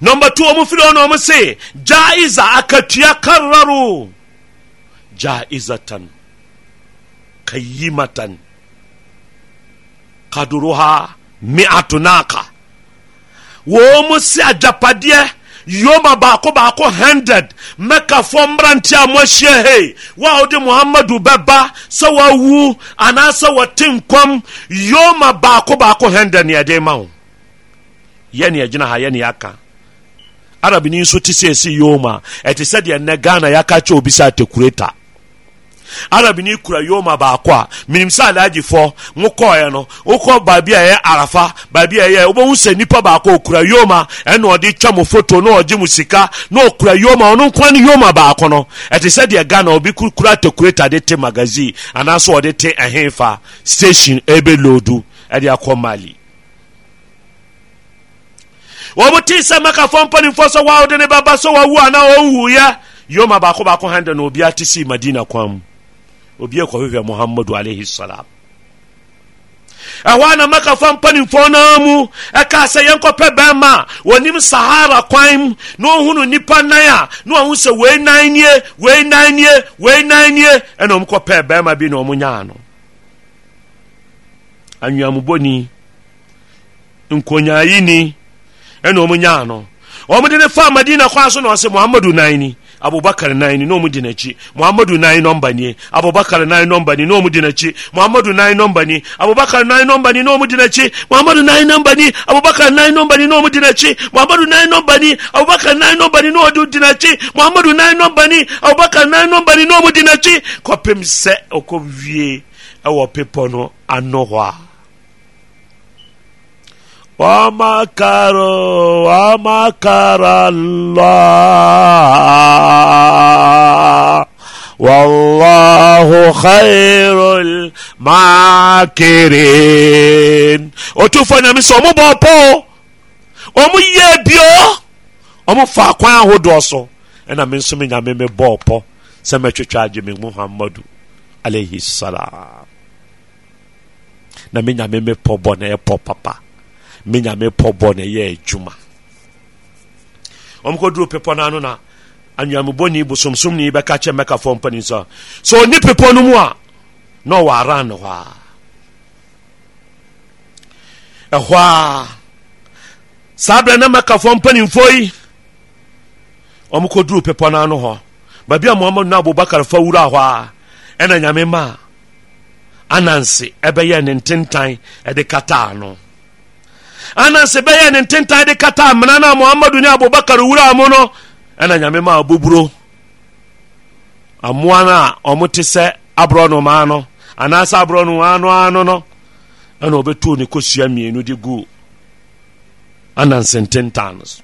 nomba two ɔmo firi ɔno ɔmo se jaiza akatua kararo jaizatan kayimatan kaduruha mi'atu naka wɔn mo se agyapadeɛ yoma baako baako 100 mɛkafoɔ mmerante a moahyia hei wo a wode mohamado bɛba sɛ woawu anaasɛ wɔte nkɔm yoma baako baako 100 neɛde ma wo yɛne agyina ha yɛne yɛaka arabni nso te seesi yoma ɛte sɛdeɛ nnɛ ghana yɛaka kyɛ obi sɛ atakureta arabni kura yoma baako a menim sɛ alagyefoɔ mo kɔɛ no wokɔ baabi a ɛyɛ arafa baabi a ɛyɛ wobɛhu sɛ nnipa baako ɔkura yoma ɛna ɔde twa mo foto na ɔgye mo sika na ɔkura yoma ɔno nkoa no yoma baako no ɛte e sɛdeɛ ghana obi kura takureta de te magazine anaasɛ ɔde te ɛhefa station ɛbɛlodu ɛde e akɔ mali wɔmotee sɛ makafoɔ mpanimfoɔ sɛ woawode ne baba sɛ wawu anaa ɔnwuyɛ yoma baako baako hande na obi te sii madina kwan mu obi kɔhwehwɛ muhammadu alaihi salam ɛhɔ ana makafa mpanimfoɔ no mu ɛka sɛ yɛnkɔpɛ bɛrima wɔnim sahara kwan m na ɔhunu nnipa nan a na ɔhu sɛ wei nan nie wei nan nie wei nan nie ɛna ɔmkɔpɛɛ bɛrima bi na ɔmo nyaa no anweamubɔni nkonyayini ɛna ɔmo no ɔmode ne faa madina kwan so na ɔsɛ muhammadu nan ni abubakar nan ni n'omu di n'akyi muhammadu nan nɔmba ni abubakar nan nɔmba ni n'omu di n'akyi muhammadu nan nɔmba ni abubakar nan nɔmba ni n'omu di n'akyi muhammadu nan nɔmba ni abubakar nan nɔmba ni n'omu di n'akyi muhammadu nan nɔmba ni abubakar nan nɔmba ni n'omu di n'akyi muhammadu nan nɔmba ni abubakar nan nɔmba ni n'omu di n'akyi kɔpem sɛ ɔkɔ wie ɛwɔ pepɔ no ano hɔ a ومكروا ومكر الله والله خير الماكرين otufo nyame sɛ ɔmo bɔ ɔpɔ ɔmo yɛ bio ɔmo fa kwan ahodoɔ so ɛna me nso me nyame me bɔ ɔpɔ sɛ mɛtwitwa agye me muhammadu alayhi salam na me nyame me pɔ bɔ papa me nyame pɔ bɔ ne yɛ adwuma ɔm kɔduru pepɔ no ano na anwamebɔni bosomsomni bɛka kyɛ mɛkafoɔ mpani sɛ sɛ ɔni pepɔ no mu a na ɔwɔ aran no hɔ a ɛhɔ a saa berɛ na mɛkafoɔ mpanimfoɔ yi ɔm kɔduru pepɔ no ano hɔ baabi a mohamadu na abubakar fa wura hɔ a ɛna nyame ma anansi, ɛbɛyɛ ne ntentan ɛde kataa no anaasɛ bɛyɛ ne ntentan de kata amena no a mohamado ne abubakar wuraa mu no ɛna nyame ma aboburo amoa no a ɔmote sɛ aborɔnomaa no anaasɛ aborɔnomaa no a no ɛna ɔbɛtoo ne kɔsua mmienu de gu anansɛntentan no so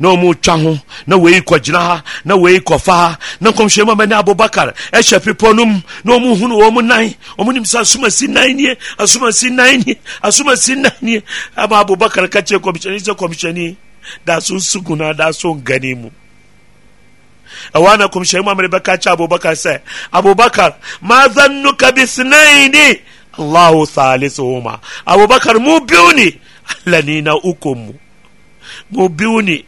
na ɔmu twa ho na wei kɔgyina ha na wei kɔfa ha na nkɔmhyɛmu amane abubakar ɛhyɛ pepɔ no mu na ɔmu hunu ɔmu nan ɔmu nim sɛ asomasi nan nie asomasi nan nie asomasi nan nie ama abubakar ka kyerɛ kɔmhyɛni sɛ kɔmhyɛni daaso nsuku na daaso ngani mu ɛwɔ na kɔmhyɛni mu amane bɛka kyerɛ abubakar sɛ abubakar maa zannuka bisnaini allahu thalisuhuma abubakar mu biu ni alanina ukum mubiuni biyu ne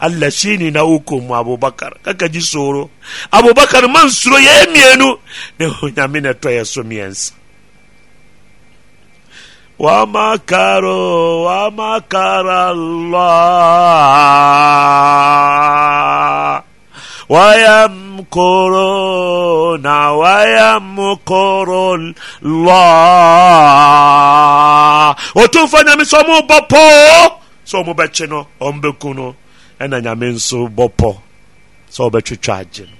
Allah na ukomu mu abubakar kaka soro abubakar man suro mienu ne hunyami na toya so wa makaro wa makara Allah ويمكرون ويمكر الله وتوفى نمسو sɛ ɔmo bɛkye no ɔmo bɛku no ɛna nyame nso bɔpɔ sɛ ɔbɛtwitwa agye no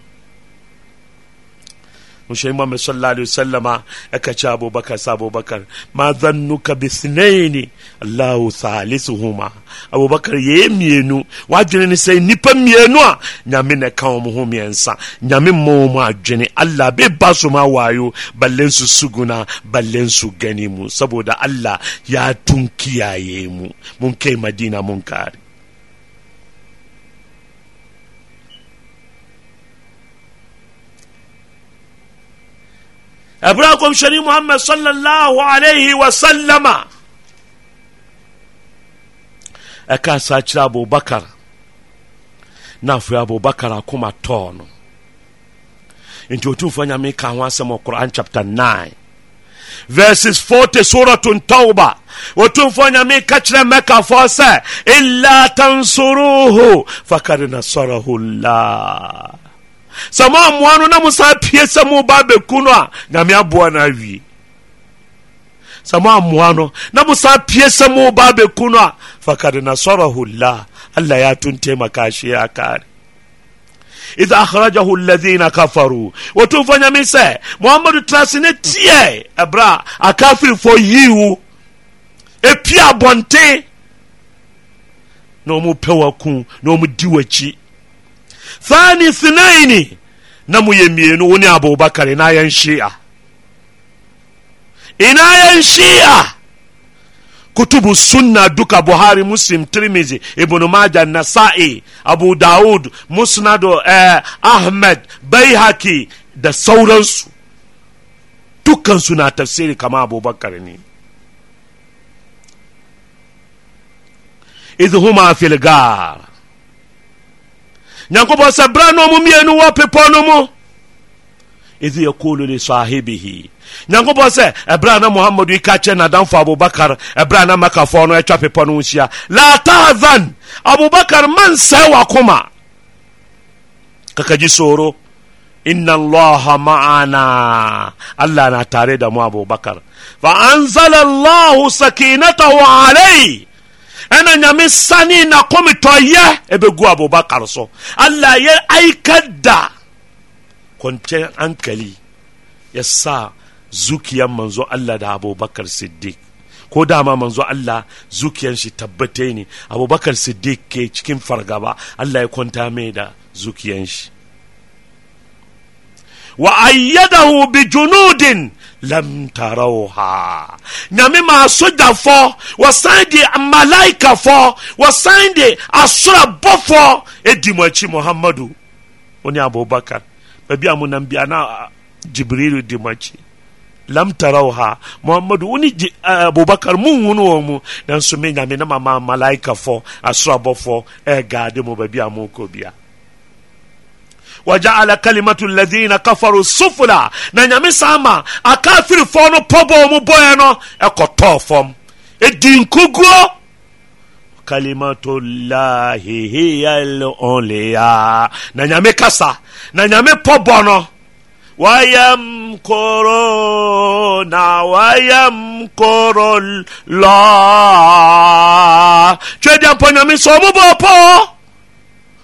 mushe mai sallallahu alaihi wasallama ya ce abubakar sa abubakar ma zannuka bisnaini Salisu salisuhuma abubakar ye mienu jini ne sai nipa mienu a nyame ne ka wɔn ho mmiɛnsa nyame mma wɔn adwene allah ba so ma wayo ballensu su suguna balle su gani mu saboda allah ya tunkiyaye mu mun kai madina mun kare ɛberɛ kɔmhyɛne muhammad sallallahu alaihi wasallama ɛka saa kyerɛ abubakar na afei abubakar akoma tɔɔ no nti ɔtumfoɔ nyame ka ho asɛm ɔkoran chapter 9 verses 40 suratun tauba wɔtumfoɔ nyame ka kyerɛ mɛkafoɔ sɛ illa tansuruhu fakad nasarahu llah Sama moammoa no na mo pie sɛ moba bɛku no a nyame aboa no awie sɛ moammoa no na mo pie sɛ moba bɛku no a fakad nasarahu llah allah ya tuntema kaahyeɛ akaare إذ أخرجه الذين كفروا وتوفى نمسى محمد تراسين تيه أبرا أكافر for you أبيا بنتي na ɔmo pɛ w'ako na ɔmo di w'akyi thani sinaini na mu yɛ mmienu wo ne abubakar ina yɛn shi'a ina yɛn shi'a kutubu sunna duka buhari muslim tirmizi ibn maja nasa'i abu daud musnadu eh, ahmed baihaki da sauransu dukansu na tafsiri kama abubakar ne idh huma fil nyankopɔn sɛ bra no mu mmienu wɔ pepɔ no mu idh yakulu sahibihi nyankopɔn sɛ ɛberɛ na mohamado yi ka kyerɛ nadamfo abubakar ɛberɛ na makafoɔ no ɛtwa pepɔ no ho hyia la tahzan abubakar mansɛe wakoma kakagyi soro inna allaha ma'ana allah na tare da mu abubakar fa anzala allahu sakinatahu alayhi ɛna nyame sane nakometɔyɛ ɛbɛgu abobakar so ala yɛ aika da kɔnkyɛ ankali ya sa zukiyan manzo allah da abubakar sidik ko dama manzo Allah zukiyan shi tabbate ne abubakar sidik ke cikin fargaba Allah ya kwanta mai da zukiyan shi وأيده بجنود لم تروها nyame ma asogyafoɔ wɔsan de malaikafoɔ wɔsan de asorabɔfoɔ ɛdi mu akyi mohammado wo ne abubakar baabi a monam bia na jibril di mu akyi lam tarawha mohammado wo eh, abubakar monhu no wɔ mu nanso me nyame na mama malaikafoɔ asorabɔfoɔ ɛɛgaade mu baabi a mokɔ bia waja'ala kalimatu alladhina kafaru sufla na nyame saa ma akafirifoɔ no pɔbɔ mu bɔɛ no ɛkɔtɔɔ fam ɛdi nkoguo kalimatullahi hiya al-ulya na nyame kasa na nyame pɔbɔ no wayamkuruna wayamkuru llah twɛdiampɔ nyame sɛ ɔmobɔɔ pɔɔ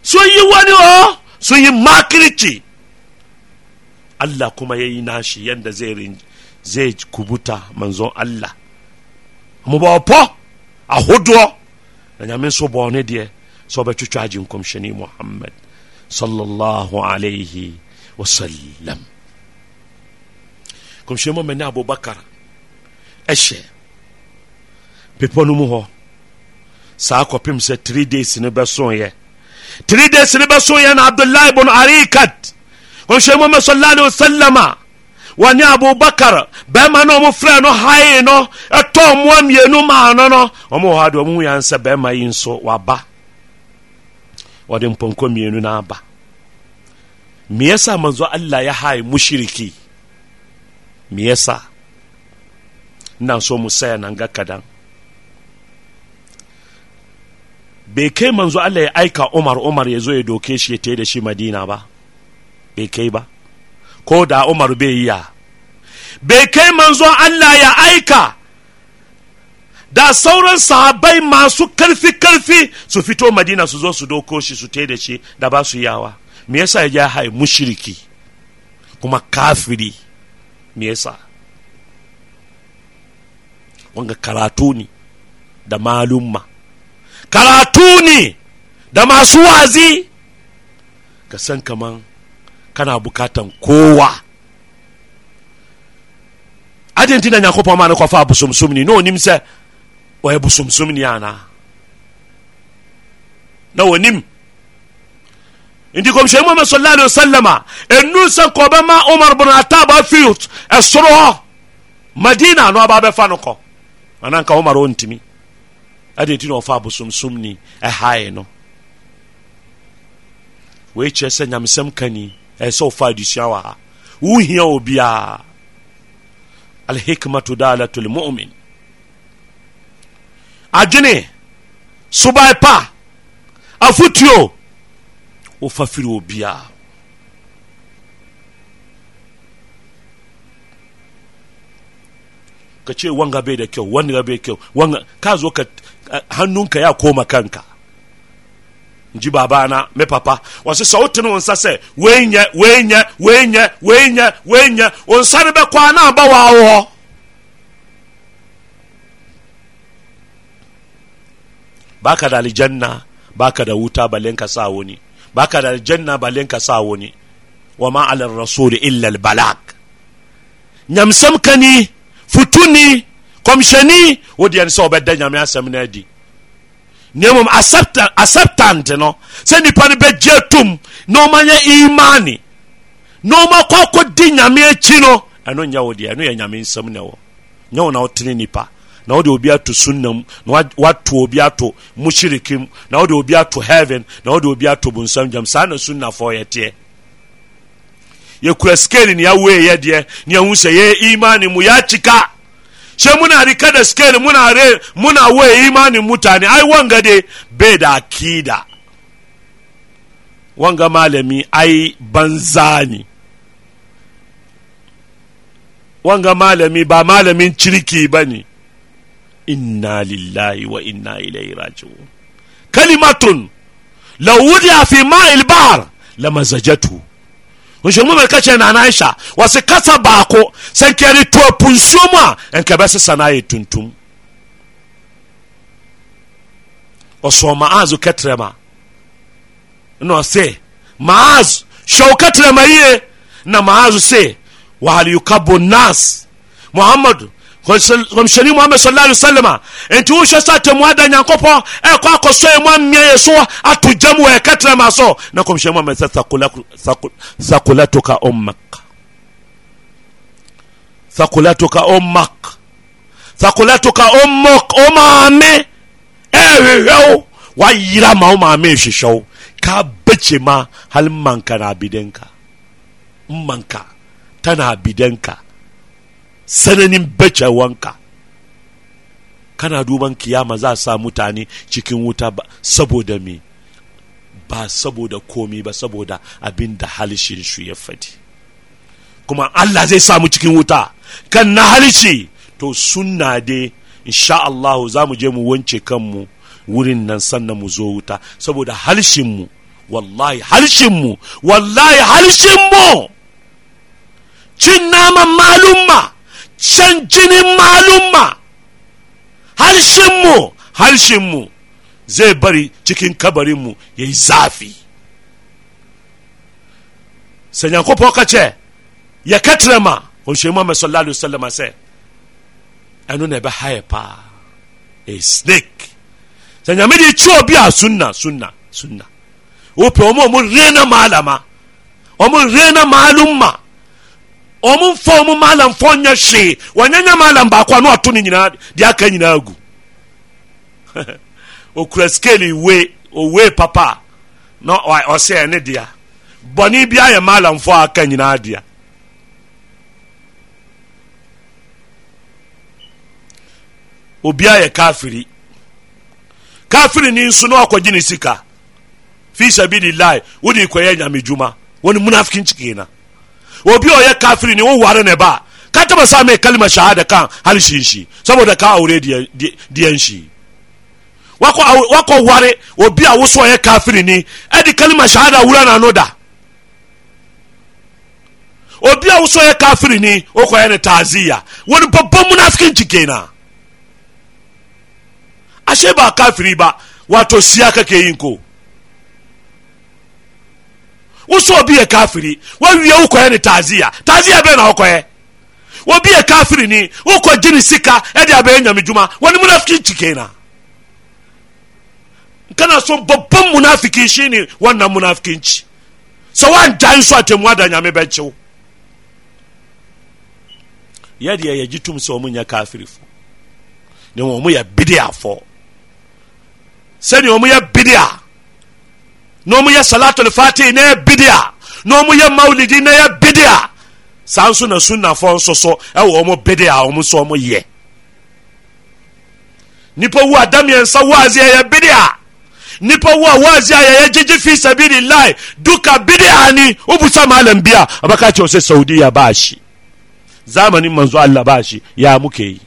so yi wani ɔ sun yi makirci Allah kuma ya yi nashi yadda zai kubuta manzon Allah mu ba po a huduo na nyamin so bɔne deɛ sɛ ɔbɛtwitwa agye nkɔmhyɛne muhammad sallallahu alaihi wasallam kɔmhyɛni mu mɛne abubakar ashe pepɔ no mu sa saa kɔpem sɛ 3 days ne yeah. tiri days ne bɛso yɛ no abdullah bun arikat ɔmhyɛ mu sallallahu salama wa ni abubakar bɛrima no ɔmo frɛ no hae no ɛtɔ mmoa mmienu maa no no wɔ hɔ ade ɔmo yɛn sɛ bɛrima yi nso waba wɔde mpɔnkɔ mmienu no aba me yasa manzo Allah ya hayi mushiriki meyasa na so mu saya nan ga kadan bai kai manzo Allah ya aika Umar Umar ya zo ya doke shi ya tai da shi Madina ba bai kai ba ko da Umar bai yi ya bai kai manzo Allah ya aika da sauran sahabbai masu karfi karfi su fito Madina su zo su doko shi su tai da shi da ba su yawa me yasa ya ja hai mushriki kuma kafiri me yasa wanga karatu ne da malumma Karatuni ne da masu wazi ka san kaman kana bukatan kowa adin ti na nyankopɔn ma ne kɔfa abosomsom ni na sɛ ɔyɛ bosomsom ni ana na onim nti kɔmhyɛni muhammad sallallahu alaihi wasallam a ɛnu sɛ kɔbɛma umar bin atab afiut ɛsoro hɔ madina na ɔba bɛfa no kɔ ananka umar ɔntimi ɛde nti na ɔfa abosomsom ni ɛhae no wei kyerɛ sɛ nyamesɛm ka ni ɛɛ sɛ wofa adusua wɔ ha wohia wɔ biaa alhikmatu dalatu lmumin adwene sobae pa afotuo wofa firi wɔ biaa ka wanga bai da kyau wanga bai kyau wanga ka wokat hannunka ya koma kanka nji babana me papa wɔse sɛ wotene wo nsa sɛ weinyɛ weinyɛ weinyɛ weinyɛ weinyɛ wo nsa no bɛkɔ a na aba waawoɔ baka da aljanna baka da wuta balen ka sa wani baka da aljanna balen ka sa wani wa ala rasul illa albalag nyamsam kani futuni kɔmhyɛni wodeɛ no sɛ wɔbɛda nyame asɛm no adi na mmom acceptant no sɛ nnipa no bɛgye tom na ɔma nyɛ imane na ɔma ɔmakɔ akɔdi nyame akyi no ɛno nyɛ wo deɛ ɛno yɛ nyame nsɛm ne wɔ nyɛ wo na wotene nnipa na wode obi ato sunnam na wato obi ato mushirikim na wode obi ato heaven na wode obi ato bonsam gyam saa na sunnafoɔ yɛteɛ yɛkura skeli ne yɛwee deɛ ne yɛhu sɛ yɛ imane mu yɛakyika she muna rike da scale muna re muna waye imanin mutane ai wanga dai bai da akida wanga malami ai banza ne wanga malami ba malamin ciriki ba ne inna lillahi wa inna ilaihi raji'un kalimatun law wudiya fi ma'il bahr lamazajatu nhyɛmu mɛka kyerɛ nanahyɛ wɔse kasa baako sɛ nka ɛde to apunsuo mu a ɛnka ɛbɛsesa no ayɛ tuntum ɔsɔ maaz kɛtrɛma na ɔse maaz hwɛ wo yie na maaz se wahal yukabo nas muhammad komsyɛni kɔmhyɛni muhammad sallallahu alaihi wasallam enti wohwɛ sɛ atemmu ada nyankopɔn ɛkɔ e akɔsɔe mu ammeɛ yɛ so ato gyam wɔ ɛkɛtrɛ ma so na kɔmhyɛni muhammad sɛ sakulatuka ummak sakulatuka ummak sakulatuka ummuk ɔmaame ɛhwehwɛ e, wo wayera ma wo maame nhwehwɛ wo ka bɛkye ma hal manka na abidenka manka tana abidenka sananin wanka kana duban kiyama za sa mutane cikin wuta saboda me ba saboda komi ba saboda abin da halishin su ya fadi kuma Allah zai samu cikin wuta kan na halishi to sunna dai insha Allah za mu je mu wance kanmu wurin nan sannan mu zo wuta saboda mu wallahi mu wallahi mu cin naman malumma canjinin malumma harshenmu harshenmu zai bari cikin kabarinmu ya yi zafi sanya kofo ka ce ya katrama kunshe muhammad sallallahu alaihi wasallam sai ɛno na ɛbɛhaɛ paa a snake sɛ nyame de kyi obi a sunna sunna sunna wopɛ ɔmo ɔmo rena maalama ɔmo rena maalumma ɔmomfa mu malamfo nyɛ hwee wɔnyɛnyɛ malam baako a na ɔto no nyinaa deɛ aka nyinaa gu ɔkura skele we ɔwe papa na ɔsɛ ɛne dea bɔne biaa yɛ malamfo a aka nyinaa dea obiaa yɛ kafiri kafiri ni nso na ɔkɔgye ne sika fi sabilillahi wode kɔyɛ nyame dwuma wɔne munafikinkyikii na obi a ɔyɛ kafiri ni woware ne ba ka taba sa mai kalmar shahada kan har shi saboda ka aure diyan shi wako ware obi a wasu ɔyɛ kafiri ni ɛdi kalmar shahada wura na da obi a wasu ɔyɛ kafiri ni o kɔ ne taziya wani babban munafikin ci kenan ashe ba kafiri ba wato siya kake yin ko wosɛ obi yɛ kafiri woawie wokɔyɛ ne tasia tasia bɛ na wokɔɛ obi yɛ kafiri ni wokɔ gye ne sika ɛde abɛyɛ nyame dwuma wɔne munafiki kyikei na nkana so bɔbɔ munafiki nhyi ne wɔnna munafiki nkyi sɛ woangyae nso atamu ada nyame bɛkyew yɛdeɛ yɛgye tom sɛ ɔmo nyɛ kafirifo ne wɔn mo yɛ bideafo sɛdeɛ ɔmo yɛ bidea na ɔmo yɛ salatul fatih na yɛ bidia na ɔmo yɛ maulidi na yɛ bidia saa nso na sunnafoɔ nso so ɛwɔ ɔmo bidia ɔmo so ɔmo yɛ nipa wu a da mmiɛnsa waazi a yɛ bidia nipa wu a waazi a yɛyɛ gyegye fi lai duka bidia ni sa malam bia ɔbɛka kyerɛ sɛ saudi yɛ zamani zamanin manzo Allah baasi ya mu yi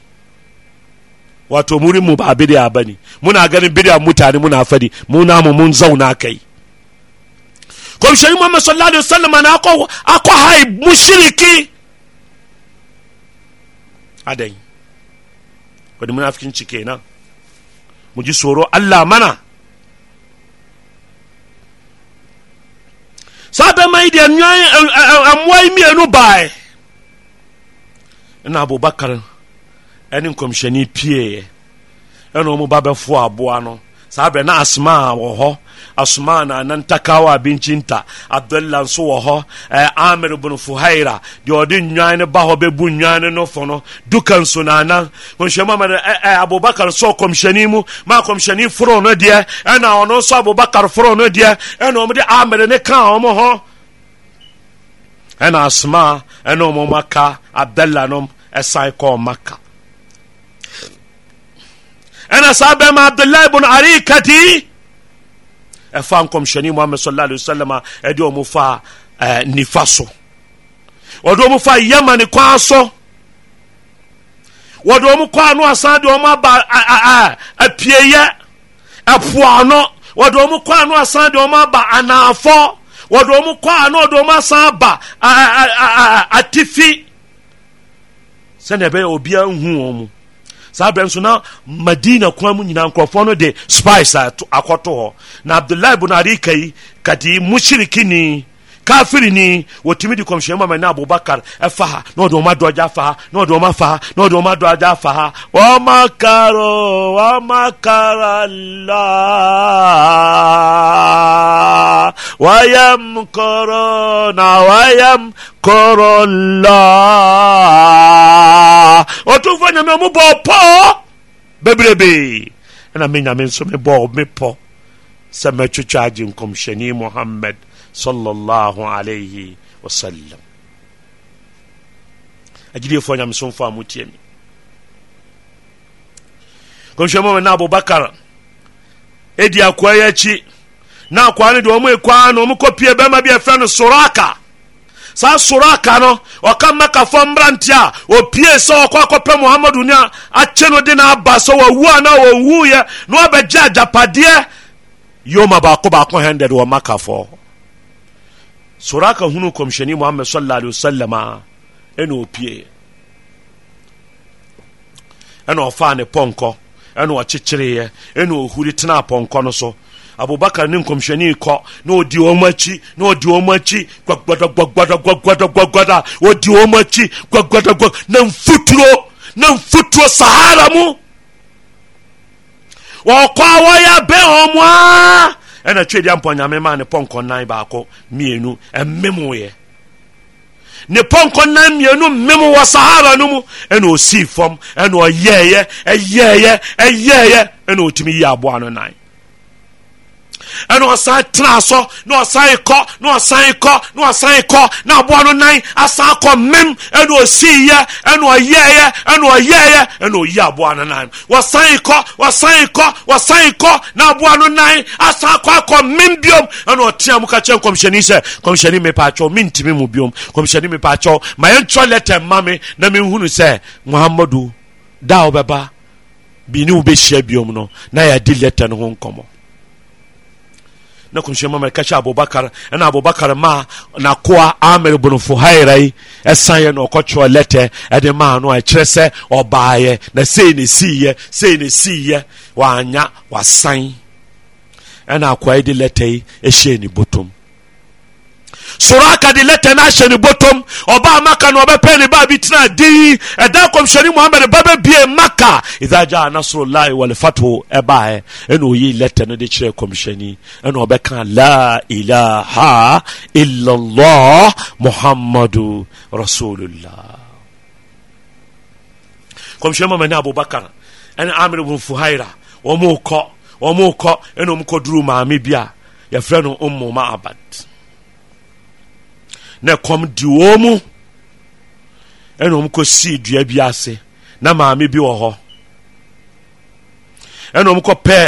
wato muri mu ba ba bane muna ganin bidia mutane muna fadi mu mun zauna kai omisɛni muhammed sallallahu alaihi wa sallam na akɔ akɔ ha musiriki adan wani munafikinci kenan mu ji tsoro allah mana sata mai da amuwai miyanu baye ina abubakar ɛne nkɔmhyɛni pie ɛna ɔmu ba bɛfo aboa no saa bɛ na asoma wɔ hɔ asuma na nan takawa abincinta abdullahi nso wɔ hɔ eh, amir bin fuhaira deɛ ɔde nnwan no ba hɔ bɛbu nnwan no fo no duka nso nana kɔmhyɛni muhammad eh, eh, abubakar sɔ kɔmhyɛni mu ma kɔmhyɛni foro no deɛ ɛna ɔno nso abubakar foro no deɛ ɛna ɔmde amir ne ka ɔmo ho ɛna asuma ɛna ɔmo maka abdullahi nom ɛsan kɔɔ maka ɛna saa bɛma abdullahi bin arikati ɛfa nkɔmhyɛne muhammad sallallahu alaihi wasallam a ɛde ɔmo fa nifa so wɔde ɔmo fa yamani kwan so wɔde ɔmo kɔ ano asan de ɔmo aba apieyɛ ɛpoano wɔde ɔmo kɔ ano asan de ɔmo aba anaafɔ wɔde ɔmo kɔ ano ɔde ɔmo asan aba atifi sɛnea ɛbɛyɛ obiara nhu wɔn mu saa berɛ nso na madina kwan mu nyinaa nkurɔfoɔ no de spice akɔto hɔ na abdullahi bunarika yi kadi mushirikini kafiri ni wɔtumi de kɔmhyɛn mama ne abubakar ɛfa ha na ɔde ɔma dɔgya fa ha na ɔde ɔma fa ha na ɔde ɔma dɔgya fa ha wɔma karo wɔma kara la wɔyam koro na wɔyam koro la ɔtumfo nyame mu bɔ pɔ bebrebe ɛna me nyame nso me bɔ me pɔ sɛ mɛtwitwa agye nkɔmhyɛni muhammad sallallahu alaihi wasallam a motie mi kɔmhyɛ mu na abubakar ɛdi akoa yi akyi na akoa no deɛ ɔmo ɛkwaa no ɔmo pie bɛma bi ɛfrɛ no soraka saa soraka nọ ɔka mɛkafoɔ mmerante a ɔpie sɛ ɔkɔ muhammadu ne akye a na wɔwuiɛ na soraka hunu kɔmhyɛni muhammad sallallahu alaihi wasallam a ɛna opie ɛna ɔfaa ne pɔnkɔ ɛna ɔkyekyereeɛ ɛna ɔhuri tena pɔnkɔ no so abubakar ne nkɔmhyɛni kɔ na ɔdi wɔn akyi na ɔdi wɔn akyi gbagbada gbagbada gbagbada gbagbada ɔdi wɔn akyi gbagbada gbagbada na mfuturo na mfuturo sahara mu wɔkɔ a wɔyɛ wɔn mu aa ɛna twɛdi ampɔ nyame maa ne pɔnkɔ nan baako mmienu ɛmmemoeɛ ne pɔnkɔ nan mmienu mmem wɔ sahara no mu ɛna osii fam ɛna ɔyɛɛyɛ ɛyɛɛyɛ ɛyɛɛyɛ ɛna ɔtumi yi aboa no nan ɛne ɔsan tena asɔ na ɔsan kɔ na ɔsan kɔ na ɔsan kɔ na aboa no nan asan kɔ mem ɛne ɔsiiyɛ ɛne ɔyɛɛyɛ ɛne ɔyɛɛyɛ ɛna ɔyi aboa no nan wɔsane kɔ wɔsane kɔ wɔsane kɔ na aboa no nan asan kɔ akɔ mem biom ɛna ɔtea mu ka kyerɛ nkɔmhyɛni sɛ kɔmhyɛni mepaakyɛw mentimi mu biom kɔmhyɛni mepaakyɛw ma yɛntwerɛ lɛtɛ mma me na menhunu sɛ mohamado da wobɛba bi bɛ wobɛhyia biom no na yɛadi lɛtɛ no ho nkɔmmɔ na kɔmhyɛ mama ɛka abubakar ɛna abubakar ma nakoa amir bun fuhaira yi ɛsan e yɛ na ɔkɔtwerɛ lɛtɛ ɛde e maa no a ɛkyerɛ sɛ ɔbaayɛ na sei ne siiyɛ sei ne siiyɛ wanya wasan ɛna akoa yi e de lɛtɛ yi ɛhyɛ ne botom soraka de lɛtɛ n'ahyɛ ne bɔtɔm ɔbaa maka no ɔbɛpɛ ne baa bi tena din ɛda kɔmhyɛni muhammed ba bɛbie maka idagya anasoro wale fato ɛbaɛ ɛna oyi lɛtɛ no de kyerɛ kɔmhyɛni ɛna ɔbɛka la ilaha illallah muhammadu rasulullah kɔmhyɛni muhammed ne abubakar ɛne amir ibn fuhaira wɔn mu kɔ wɔn mu kɔ ɛna wɔn kɔ duru maame bi yɛfrɛ no ummu ma'abad na kɔm di wɔn mu ɛna ɛnom kɔsii dua bi ase na maame bi wɔ hɔ ɛna ɛnom kɔpɛɛ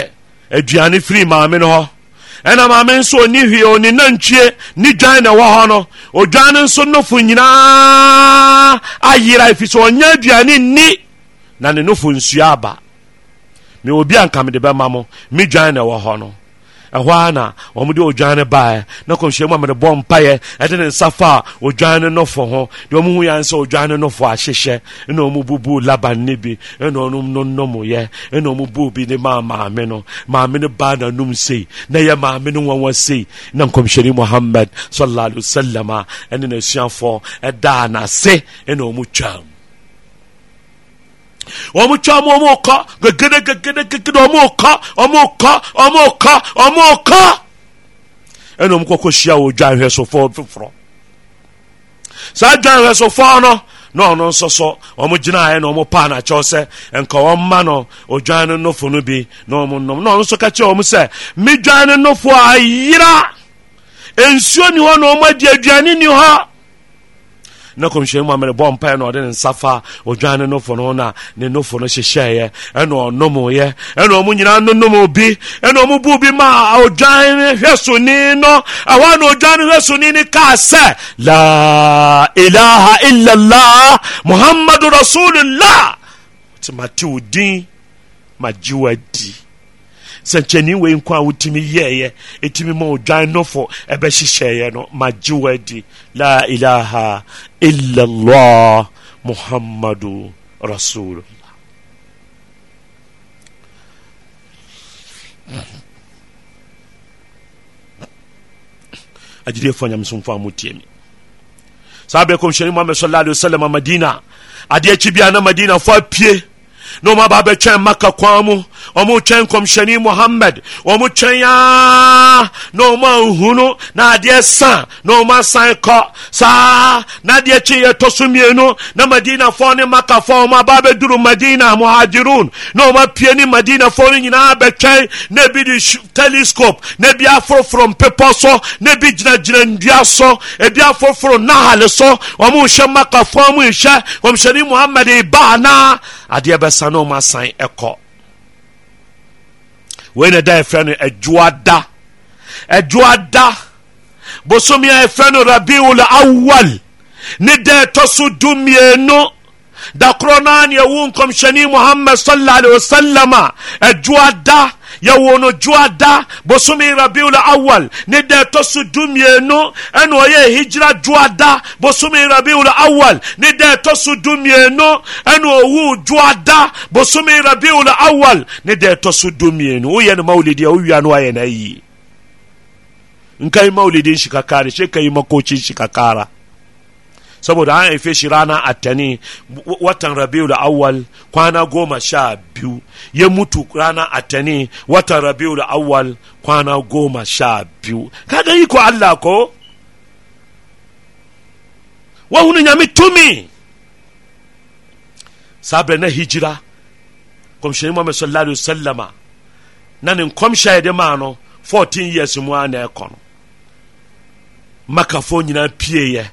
aduane firi maame no hɔ ɛna maame nso ɔni hwee ɔne nantwie ne dwan na ɛwɔ hɔ no odwan nso nofo nyinaa ayira ɛfiri sɛ ɔnyɛ aduane ni na ne nofo nsua aba mewɔ bi anka bɛ ma mo mi dwan na ɛwɔ hɔ no ɛhɔ ara na wɔn de odwan baeɛ na kɔmhyia mu amede bɔ mpaeɛ ɛde ne nsa fa odwan no nɔfo ho deɛ wɔn ho yan sɛ odwan no nɔfo ahyehyɛ ɛna wɔn bubu laban ne bi ɛna wɔn no nnɔmɔyɛ ɛna wɔn bu bi ne maa maame no maame no baa n'anum sei na ɛyɛ maame no nwanwa sei na nkɔmhyɛni muhammad sallallahu alaihi wa sallam a ɛne n'asuafoɔ ɛdaa n'ase ɛna wɔn twam ɔmotwa ɔmo ɔmo kɔ gegede gegede gegede ɔmo kɔ ɔmo kɔ ɔmo kɔ ɔmo kɔ ɛna ɔmo kɔkɔ hyia wɔ dwanhwɛsofoɔ foforɔ saa dwanhwɛsofoɔ no na ɔno nso so ɔmo gyinaeɛ na ɔmo paa nakyɛw sɛ nka ɔmma no odwan no nofo no bi na ɔmo nom na ɔno nso ka kyerɛ ɔmo sɛ me dwan no nofo ayera nsuo ni hɔ na ɔmo adi aduane ni hɔ na kɔmhyɛni muhammed bɔ mpaeɛ na ɔde ne nsa fa odwan ne nofo no na ne nofo no hyehyɛeɛ ɛna ɔnomoyɛ ɛna ɔmo nyinaa nonom bi ɛna ɔmo bu bi ma odwan hwɛsoni no awa na odwan hwɛsoni no kaa sɛ la ilaha illallah muhammadu rasulillah ti ma ti o din ma gye wa di sɛnkyɛnni wei nko a wotumi yɛɛyɛ ɛtumi ma odwan nofo ɛbɛhyehyɛeɛ no magye wo adi la ilaha illallah muhammadu rasulullah agyidiefo nyamesomfo a motie mi saa bɛ kɔmhyɛne muhammad sallallahu alaihi wasallam madina adeɛ akyi bia na madina fo apie na ɔma ba bɛtwɛn maka kwan mu ɔmo twɛn kɔmhyɛni mohammed ɔmo twɛn aa na ɔmo ahunu na adeɛ san na ɔmo asan kɔ saa na adeɛ kyi yɛ tɔ so mmienu na madinafoɔ ne makafoɔ ɔmo aba abɛduru madina muhajirun na ɔmo apue ne madinafoɔ no nyinaa abɛtwɛn na ebi de telescope na ebi aforoforo mpepɔ so na ebi gyinagyina ndua so ebi aforoforo nahale so ɔmo nhyɛ makafoɔ ɔmo nhyɛ kɔmhyɛni mohammed ba anaa adeɛ bɛsa na ɔmo asan kɔ wei na da yɛfrɛ no adwoada adwoada bosome a yɛfrɛ no rabiul awal ne da ɛtɔ so dumienu da kronan yewun komshani muhammad sallallahu alaihi wasallama ejuada yɛwono da bosome rabiul awal ne da ɛtɔ so dumienu ɛne ɔyɛ higyira da bosome rabiul awal ne da ɛtɔ so dumienu ɛne ɔwu da bosome rabiul awal ne da ɛtɔ so dumienu woyɛ no maulidi a wowia no wayɛ na ayi nkai maulidi nhyikakara hyɛ kai makochi nhyikakara saboda an haife shi rana attani watan rabiul awwal kwana goma sha biyu ya mutu rana attani watan rabiul awwal kwana goma sha biyu kaga ko Allah ko wa hunu nyami tumi sabre na hijira komshani muhammad sallallahu alaihi wasallama na nin nkɔmhyɛ yɛde ma no 14 years mu a ekon makafo nyina makafoɔ nyinaa pieeɛ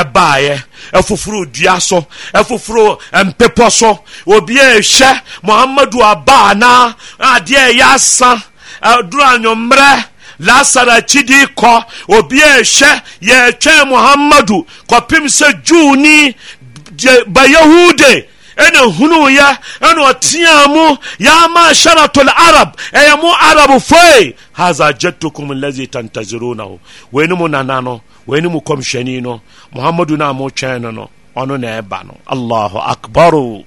ɛbaeɛ ɛfoforo dua so ɛfoforo mpepɔ so obi ɛhwɛ Muhammadu abaa na adeɛ ɛyɛ asa aduru anwommerɛ lasaro akyidi kɔ obi ɛhwɛ yɛtwɛn Muhammadu kɔpem sɛ juuni bayahude ɛna hunu yɛ ɛna ɔtea mu yama sharatol arab ɛyɛ mo arab foe haza jatukum lazi tantazirunahu wei ne mo nana no wei ne mu kɔmhyɛni no muhammadu no a motwɛn no no ɔno na ɛba no allahu akbaru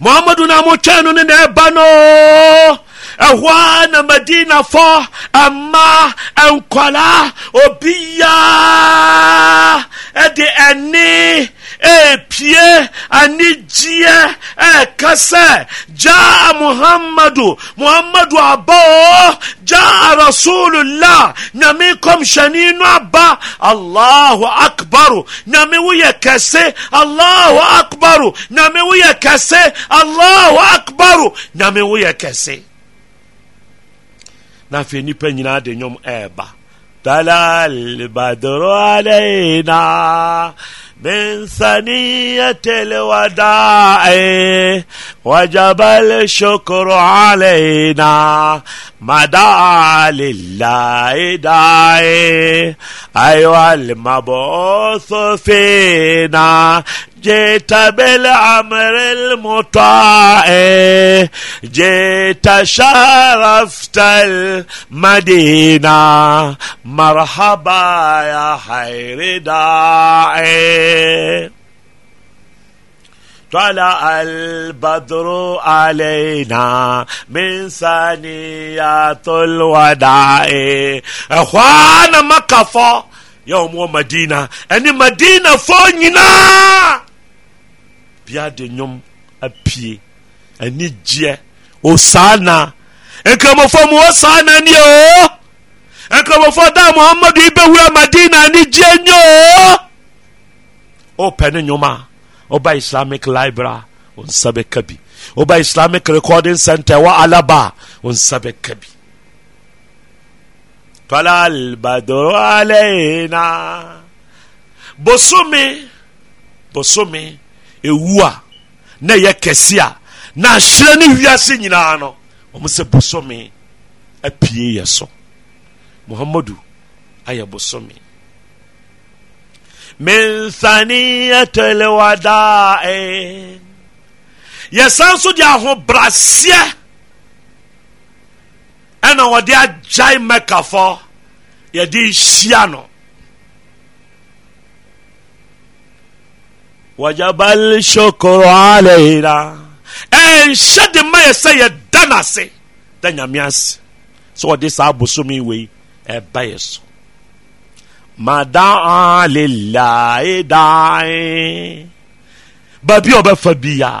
muhammadu no a motwɛn no no na ɛba no ɛhɔ a na madinafɔ ɛma ɛnkwala obiaa ɛde ɛne ɛp pie anigyeɛ ɛɛka e sɛ jaa muhammadu muhammadu aba o jaa rasulullah nyame kɔmhyɛne no aba allahu akbaru nyame woyɛ kɛse allahu akbaru nyame woyɛ kɛse allahu akbaru nyame woyɛ kɛse na afei nnipa nyinaa de nnwom ɛɛba talal badro alaina من ثنية الوداع وجب الشكر علينا دعا لله داعي أيها المبعوث فينا جئت بالعمر المطاع جئت شرفت المدينة مرحبا يا حير داعي طلع البدر علينا من ثنيات الوداع اخوانا مكفى يوم ومدينة اني مدينة فوق bia de nnwom apie ani gyeɛ osaa na nkramofo mu osaa na ni o nkramofo da muhammadu ibewura madina ani gyeɛ nyo o ɔpɛ ne nnwom a ɔba islamic library ɔnsa bɛka bi ba islamic recording center wa alaba ɔnsa bɛka bi tọ́lá albadoro alẹ́ yìí na bosome bosome ɛwu a na ɛyɛ kɛse a na ahyerɛ ne wiase nyinaa no ɔmo sɛ bosome apue yɛ so muhammadu ayɛ bosome من ثانية الوداع yɛsan so de ahobraseɛ ɛna wɔde agyae mɛkafɔ yɛde hyia no wajabal shukru alayna ɛnhyɛ de ma yɛ sɛ yɛda no ase da nyame ase sɛ wɔde saa bosome wei ɛba yɛ so madaa lillahi dae baabi a ɔbɛfa bia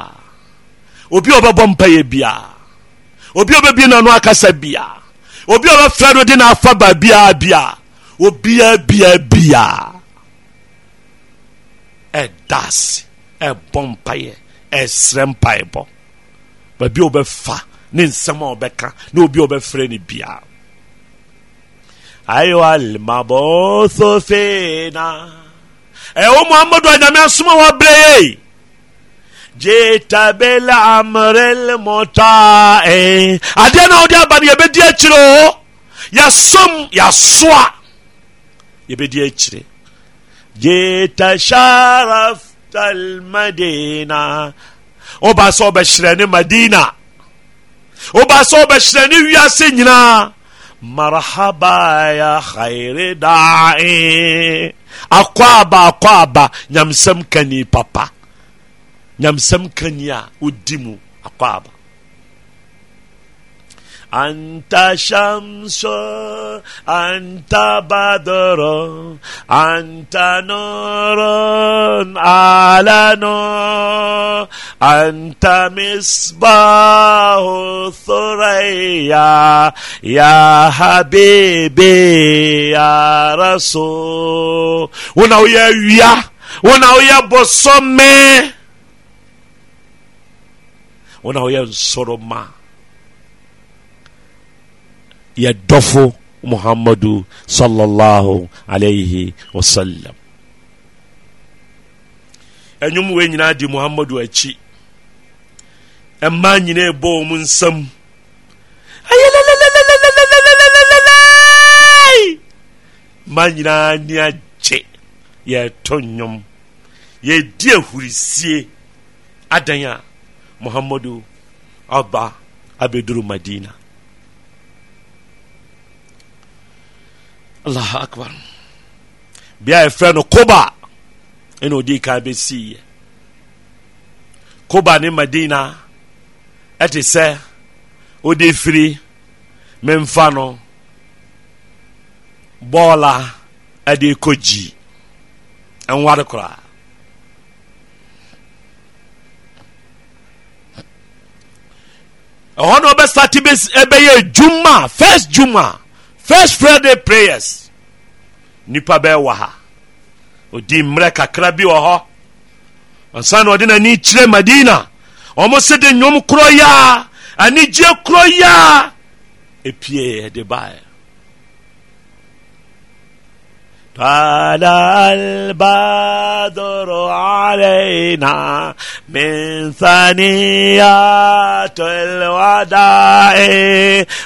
obi a ɔbɛbɔ mpayɛ bia obi a ɔbɛbi n'ano akasa bia obi a ɔbɛfrɛ no de n'afa baabia bia obiaa bia bia, e ɛda ase ɛbɔ mpaeɛ ɛsrɛ mpaebɔ baabi a wɔbɛfa ne nsɛm a wɔbɛka na obi a wɔbɛfrɛ no biara ayiwa limabɔɔso feena ɛwɔ muhammadu anyame asoma wa bere jitabela amrel mɔta ɛɛ adeɛ na ɔde aba no yɛbɛdi akyire o yɛsom yɛsoa yɛbɛdi akyire jeta sharaftal madina woba sɛ wobɛhyerɛ ne madina woba sɛ wobɛhyerɛ ne wiase nyinaa marhaba ya khaire dae akɔ aba akɔ aba nyamsɛm papa nyamsɛm kani a wodi mu أنت شمس أنت بدر أنت نور على نور أنت مصباح الثريا يا حبيبي يا رسول ونويا ويا ونويا بصمي ونويا نصرما yɛ dɔfo muhammadu sallallahu alayhi wa sallam ɛnwom wei nyinaa di muhammadu akyi ɛmmaa nyinaa ɛbɔ wɔn mu nsam mmaa nyinaa ni agye yɛreto nnwom yɛredi ahurisie adan a muhammadu aba abɛduru madina allah akbar bia yɛfrɛ no koba ɛna ɔdii kan bɛsiiɛ koba ne madina ɛte sɛ wode firi memfa no bɔɔla ɛde kɔgyi ɛnware koraa ɛhɔ na ɔbɛsate bɛyɛ juma first juma first friday prayers nipa bɛɛ wɔ ha odi mmerɛ kakra bi wɔ hɔ ɔnsa na ɔde n'ani kyerɛ madina ɔmo se de nnwom korɔ yia anigye korɔ yia epie ɛde baeɛ طال البدر علينا من ثنيات الوداع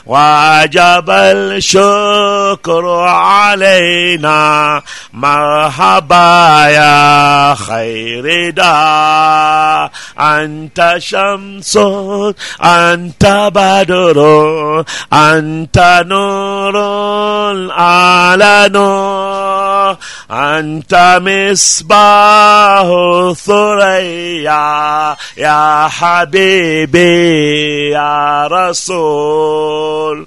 وجب الشكر علينا مرحبا يا خير دا أنت شمس أنت بدر أنت نور على نور أنت مصباح الثريا يا حبيبي يا رسول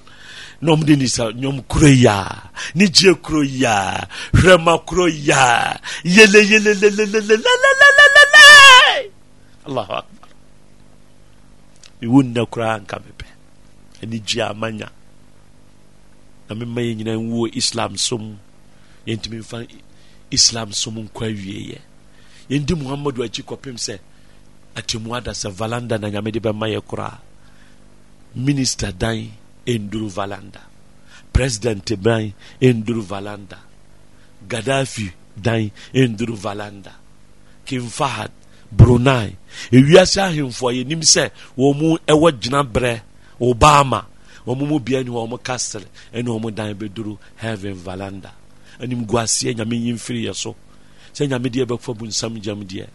nom de ni sa nyom kuro ya ni gye kuro ya hwɛma kuro ya yele yele lele lele lele allahu akbar ewu nna koraa nka mepɛ ani gye amanya na mema yɛ nyina nwuo islam som yɛntumi mfa islam so mu nkɔ awieɛ yɛndi muhammadu akyi kɔpem sɛ atemu ada sɛ valanda na nyame de bɛma yɛ koraa minister dan ɛnduru valanda president dan ɛnduru valanda gaddafi dan ɛnduru valanda kimfahad brunai brunei ewiase ahemfo yɛnim sɛ wɔ mu ɛwɔ gyinaberɛ obama wɔn mu bia ne wɔn castle ɛne wɔn dan bɛduru heaven valanda animguaseɛ nyame yi mfiri so sɛ nyame deɛ bɛfa mu nsam gyam deɛ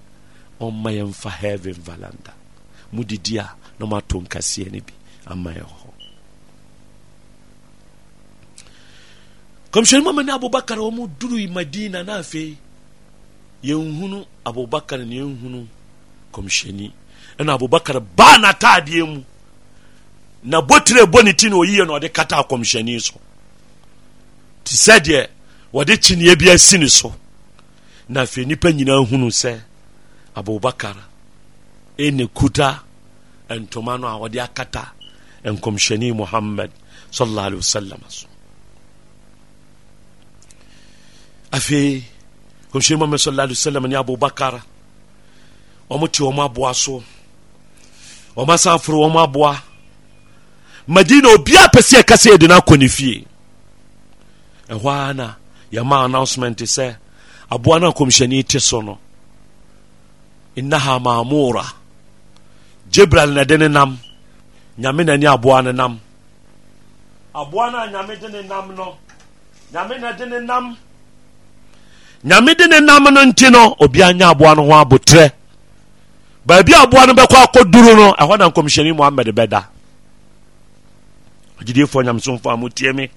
ɔmma yɛmfa heaven valanda mudidi a na moato nkaseɛ no bi ama yɛ hɔ kɔmhyɛni mama ne abobakar wɔ mu durui madina na afei yɛnhunu abobakar ne yɛnhunu kɔmhyɛni ɛna abobakar baa n'ataadeɛ mu na botire bɔ ne ti ne ɔyiyɛ no ɔde kata akɔmhyɛni so nti sɛdeɛ wɔde kyiniiɛ bi asi ne so na afei nnipa nyinaa hunu sɛ abubakar ɛne kuta ntoma no a wɔde akata nkɔmhyɛni muhammad sallallahu alaihi wasallam so afei kɔmhyɛni muhammad sallallahu alaihi wasallam ne abubakar wɔn te wɔn aboa so wɔn asan foro wɔn aboa madina obiara pɛ sɛ ɛka sɛ yɛde akɔ ne fie ɛhɔ ara na yɛma announcement sɛ aboa no a kɔmhyɛni te so no innaha mamura jebral na de ne nam nyame na ni aboa no nam aboa no a nyame de ne nam no nyame na de ne nam nyame de ne nam no nti no obia nya aboa no ho abotrɛ baabi aboa no bɛkɔ akɔduru no ɛhɔ na nkɔmhyɛni muhammad bɛda agyidiefoɔ nyamesomfoɔ a motie me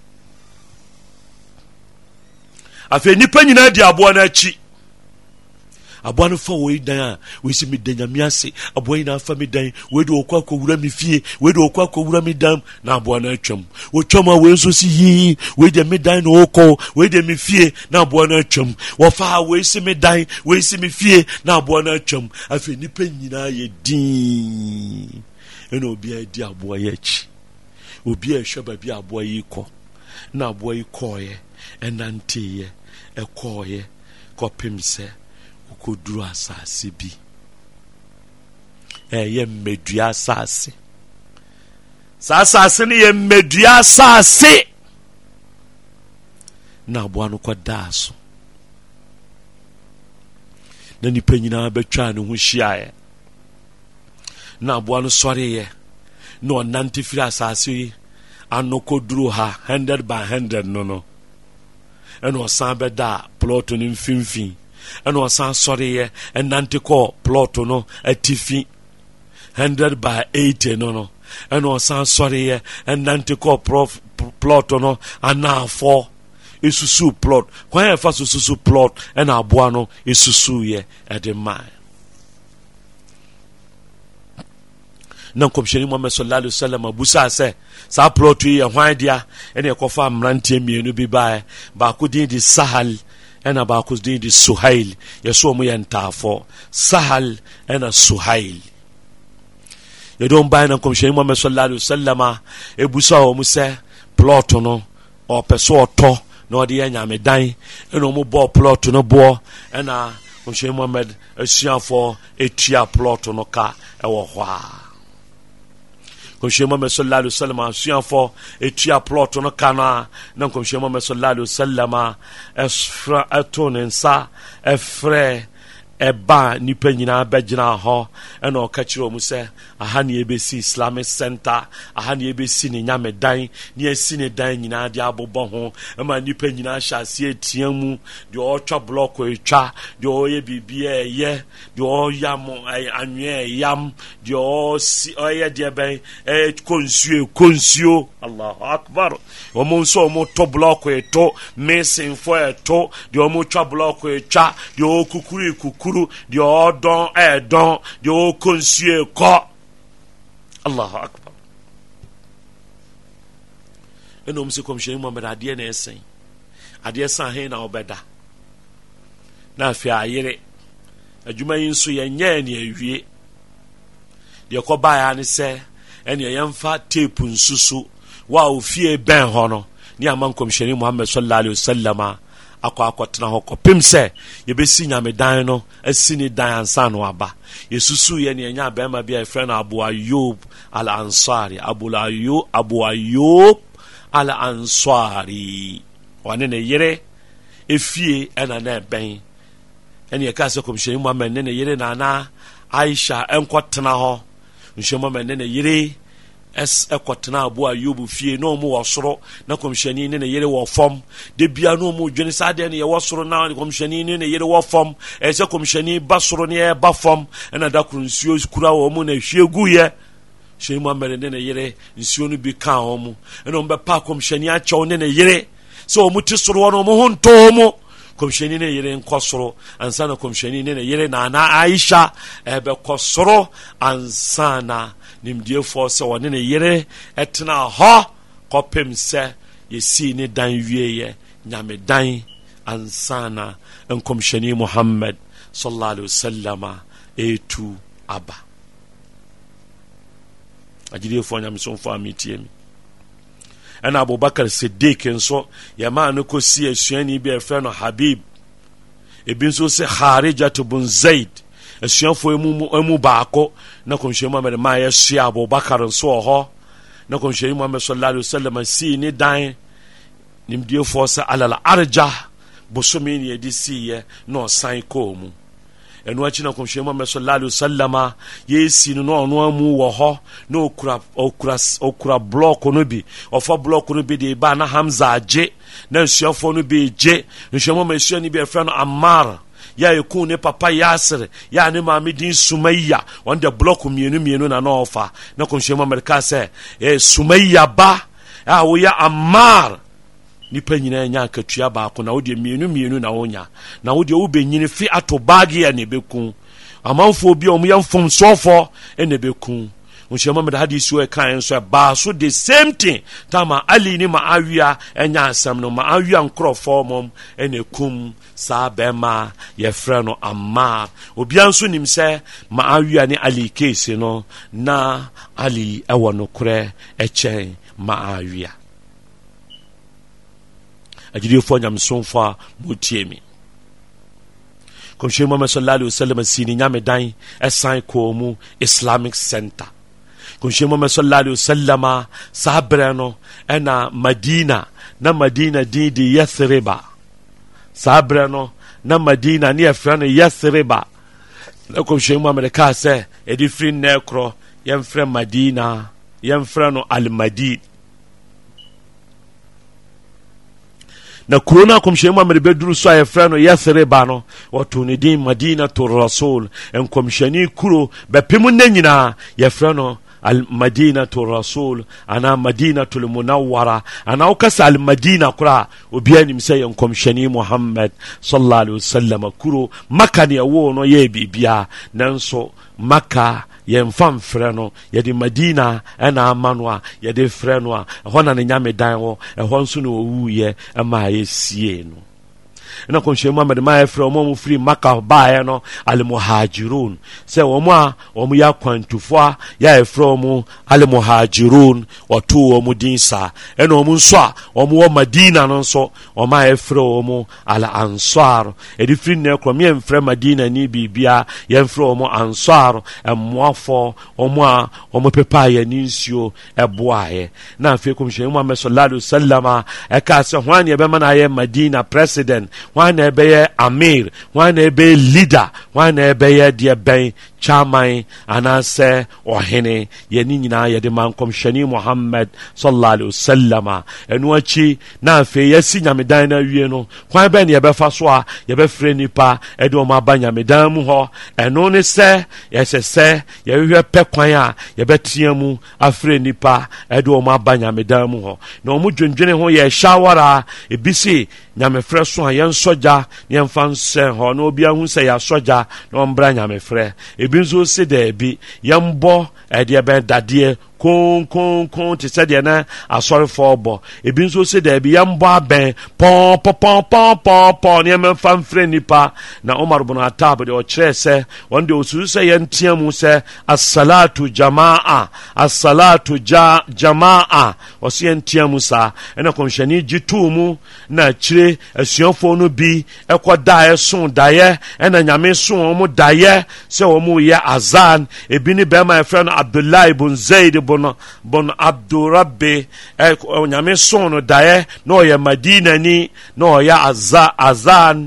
afei nnipa nyinaa di aboa no akyi aboa no fa wɔi dan a wɔsi meda nyame ase aboa nyinaa fa me dan weide wɔkɔ akɔwura me fie weide wɔkɔ akɔwura me dam na aboa no atwam wɔtwam a wei nso si yii weide me dan na wɔkɔ weide me fie na aboa no atwam wɔfa a wei si me dan wei si me fie na aboa no atwam afei nnipa nyinaa yɛ din ɛna obiara di aboa yɛ akyi obiara ɛhwɛ baabi aboa yi kɔ na aboa yi kɔɔyɛ ɛnanteeɛ ɛkɔɔyɛ kɔpem sɛ wokɔduru asase bi ɛyɛ eh, mmɛdua asase saa asase no yɛ mmɛdua asase na aboa no kɔdaa so na nnipa nyinaa bɛtwaa ne ho hyiaeɛ na aboa no sɔreeɛ na ɔnante firi asase yi ano kɔduru ha 100 by 100 no no ɛna ɔsan bɛda plɔt no mfimfin ɛna ɔsan sɔreɛ ɛnante kɔ plɔt no atifi hundred by eighty no no ɛna ɔsan sɔreɛ ɛnante kɔ plɔt no anaafɔ esusu plɔt kwan yɛfa so susu plɔt ɛna aboa no esusu yɛ ɛde maa na nkɔmhyɛni muhammad sallallahu alaihi wasallam abusa sɛ saa plot yi ɛhwan dea ɛne ɛkɔfa mmeranteɛ mmienu bi baɛ baako din de sahal ɛna baako din de suhail yɛsɛ mu yɛ ntaafo sahal ɛna suhail yɛdɔm baɛ na nkɔmhyɛni muhammad sallallahu alaihi wasallam a ɛbusa wɔ mu sɛ plot no ɔpɛ so ɔtɔ na ɔde yɛ nyamedan ɛna ɔmo bɔɔ plot no boɔ ɛna nkɔmhyɛni muhammad asuafoɔ etua plot no ka ɛwɔ hɔ a nkɔmhyia mu sallallahu alaihi wasallam asuafoɔ ɛtua plɔt no ka no a na nkɔmhyia mu sallallahu alaihi wasallam a ɛto ne nsa ɛfrɛ ɛba nipa nyinaa bɛgyina hɔ ɛna ɔka kyerɛ ɔmu sɛ aha ne yɛbɛsi islamic center aha ne yɛbɛsi ne nyame dan ne yɛsi ne dan nyinaa de abobɔ ho ɛma nipa nyinaa hyɛ aseɛ tia mu deɛ ɔretwa blɔk ɛtwa deɛ ɔreyɛ biribia ɛyɛ deɛ ɔreyam anwea ɛyam deɛ ɔreyɛ deɛ bɛn ɛyɛ kɔnsuo kɔnsuo allahu akbar ɔmo nso ɔmo to blɔk ɛto mesinfoɔ ɛto deɛ ɔmo twa blɔk ɛtwa deɛ ɔrekukuru ekukuru kuru deɛ ɔɔdɔn ɛɛdɔn deɛ ɔɔkɔ nsuo kɔ allahu akbar ɛna ɔm sɛ kɔmhyɛni muhammad adeɛ na ɛsɛn adeɛ san hen na ɔbɛda na afei ayere adwuma yi nso yɛnyɛɛ ne awie deɛ kɔbaeɛ ne sɛ ɛneɛ yɛmfa tape nsusu wo a ofie bɛn hɔ no ne ama nkɔmhyɛni muhammad sallallahu alaihi wasallam a akɔ akɔtena hɔ kɔpem sɛ yɛbɛsi nyame dan no asi ne dan ansa no aba yɛsusuu yɛ ne yɛnya bɛrima bi a yɛfrɛ no aboayob al ansari aboayob al ansari ɔne ne yere efie ɛna na ɛbɛn ɛne yɛka sɛ kɔmhyɛni muhamad ne ne yere nana aisha ɛnkɔtena hɔ nhyɛni muhamad ne ne yere ɛs ɛkɔtena aboa yobu fie na ɔmo wɔ soro na kɔmhyɛni ne ne yere wɔ fam de bia na ɔmo dwene saa deɛ ne yɛwɔ soro na kɔmhyɛni ne ne yere wɔ fam ɛyɛ sɛ ba soro ne ɛba fam ɛna da koro nsuo kura wɔn mu na ehwie gu yɛ hyɛn mu amɛre ne ne yere nsuo no bi kaa wɔn mu ɛna ɔmo bɛpa kɔmhyɛni akyɛw ne ne yere sɛ ɔmo ti soro wɔn ɔmo ho ntɔ ɔmo kɔmhyɛni ne yere nkɔ soro ansa na ne ne yere nana aisha ɛbɛkɔ soro ansa nimdiefoɔ sɛ wɔne ne yere ɛtena hɔ kɔpem sɛ yɛsii ne dan wieɛ nyame dan ansana nkɔmhyɛni muhammad sallallahu alaihi wasallam ɛɛtu aba agyideefoɔ nyamesomfoɔ a metie mi ɛna abubakar siddiq nso yɛmaa no kɔsi asuani bi a ɛfrɛ no habib ebi nso sɛ harijato bun zaid asuafoɔ mu baako na kɔmhyɛni muhammad ma yɛhyia abubakar nso wɔ hɔ na kɔmhyɛni muhammad sallallahu alaihi wasallam sii ne dan nimdiefoɔ sɛ alal arja bosome ne yɛde siiɛ na ɔsan kɔɔ mu ɛno akyi na kɔmhyɛni muhammad sallallahu alaihi wasallam a yɛsi no na ɔno amu wɔ hɔ na ɔkura ɔkura ɔkura blɔɔko no bi ɔfa blɔɔko no bi de ba na hamza agye na asuafoɔ no bi gye nsuamu ma asua no bi ɛfrɛ no amara yɛ a yɛkuu ne papa yasere yɛ a ne maame din sumaya wɔn de blɔk mmienu mmienu na na ɔfa na kɔnhyɛn mu amɛrika sɛ ɛɛ sumaya ba a woyɛ amar nipa nyinaa nya akatua baako na wodeɛ mienu mienu na wonya na wodeɛ e, wobɛnyini fi ato baage a ne bɛku amanfoɔ bi a wɔn yɛ mfomsoɔfoɔ e na bɛku nhyɛ muhammad hadis wɔ ɛkaeɛ nso ɛbaa so the same thing tama ali ne maawia ɛnya asɛm no maawia nkorɔfoɔ mom ɛna ɛkum saa bɛrima yɛfrɛ no amma obia nso nim sɛ maawia ne ali kesi no na ali ɛwɔ nokorɛ ɛkyɛn maawia agyidifoɔ nyamesomfo a motie me kɔmhyɛni muhammad sallallahu alaihi wasallam sii ne nyame dan ɛsan kɔɔ mu islamic center kɔnhyɛ mu sallallahu alaihi wasallama saa no ɛna madina na madina di di yasreba saa no na madina ni yɛfrɛ no yasreba na kɔmhyɛ mu amede kaa sɛ ɛde firi nnɛ korɔ yɛmfrɛ madina yɛmfrɛ no Madid na kuro no akɔmhyɛni mu amede bɛduru so a yɛfrɛ no yɛsereba no wɔto ne din madinato rasul nkɔmhyɛni kuro bɛpem nna nyinaa yɛfrɛ no almadinatu rasul anaa madinatu lmunawara anaa wo kasa almadina koraa obiaa nim sɛ yɛ nkɔmhyɛne muhammad sallallahu alaihi wasallam kuro maka ne ɛwoo no yɛɛ biribiaa nanso maka yɛmfa mfrɛ no yɛde madina ɛna ama no a yɛde frɛ no a ɛhɔ na ne nyame dan wɔ ɛhɔ nso na ɔwuiɛ ɛma yɛsiee no na kɔnhyɛn muhammed maa yɛfrɛ wɔn a firi maka baeɛ no alimuhajirun sɛ wɔn a wɔn yɛ akwantufoɔ a yɛayɛfrɛ wɔn alimuhajirun wɔtoo wɔn din saa ɛna wɔn nso a wɔn wɔ madina no nso wɔn a yɛfrɛ e wɔn ala ansoar ɛde firi nnɛ korɔ mi yɛmfrɛ madina ni biribia yɛmfrɛ wɔn ansoar ɛmmoafoɔ e wɔn a wɔn pepa yɛ ne nsuo ɛboaeɛ e na afei kɔnhyɛn muhammed sallallahu alaihi wa sallam ɛka sɛ hwan yɛ bɛma na ayɛ madina president wọn na ɛbɛyɛ amir wọn na ɛbɛyɛ leader wọn na ɛbɛyɛ deɛ bɛn chairman anaasɛ ɔhene yɛn ne nyinaa yɛde ma nkɔmhyɛni muhammad sallallahu alaihi wasallam a ɛno akyi na afei yɛsi nyamedan no awie no kwan bɛn na yɛbɛfa so a yɛbɛfrɛ nipa ɛde wɔn aba nyamedan mu hɔ ɛno ne sɛ yɛsɛ sɛ yɛhwehwɛ pɛ kwan a yɛbɛteɛ mu afrɛ nipa ɛde wɔn aba nyamedan mu hɔ na wɔn dwendwene ho yɛ hyawara ebi si nyamefrɛ so a yɛnsɔ gya na yɛmfa nsɛn hɔ na obi ahu sɛ yɛasɔ gya na ɔmbra nyamefrɛ ebi nso si daabi yɛmbɔ ɛdeɛ bɛn dadeɛ konkonkon te sɛ deɛ na asɔrefoɔ bɔ ebi nso si dɛbi yɛmbɔ abɛn pɔn pɔn pɔn pɔn pɔn nneɛma fa mfiri nipa na umar bin atab deɛ ɔkyerɛ sɛ wɔn deɛ osuru sɛ yɛn teɛ mu sɛ asalatu jamaa asalatu ja jamaa ɔsi yɛn teɛ mu saa ɛna kɔmhyɛni gyi tuu mu na akyire asuafoɔ no bi ɛkɔ daeɛ so daeɛ ɛna nyame so wɔn mo daeɛ sɛ wɔn mo yɛ azan ebi ne bɛrima yɛfrɛ no abdullahi bin de. bin bono bono abdurabbe eh, nyame son no daeɛ na ɔyɛ madinani na ɔyɛ aza azan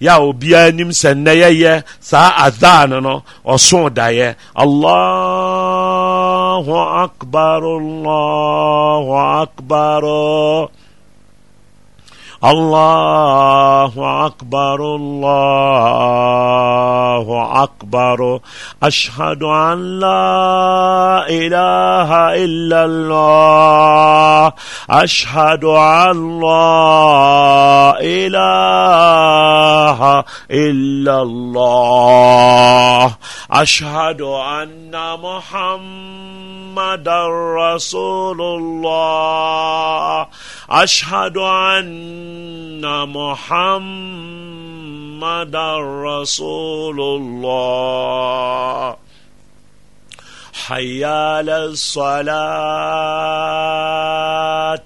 ya obiara nim sɛ nnɛ yɛyɛ saa azan no ɔso daeɛ allahu akbar allahu akbar allahu akbar allahu akbar أكبر أشهد أن لا إله إلا الله أشهد أن لا إله إلا الله أشهد أن محمد رسول الله أشهد أن محمد رسول الله حي على الصلاة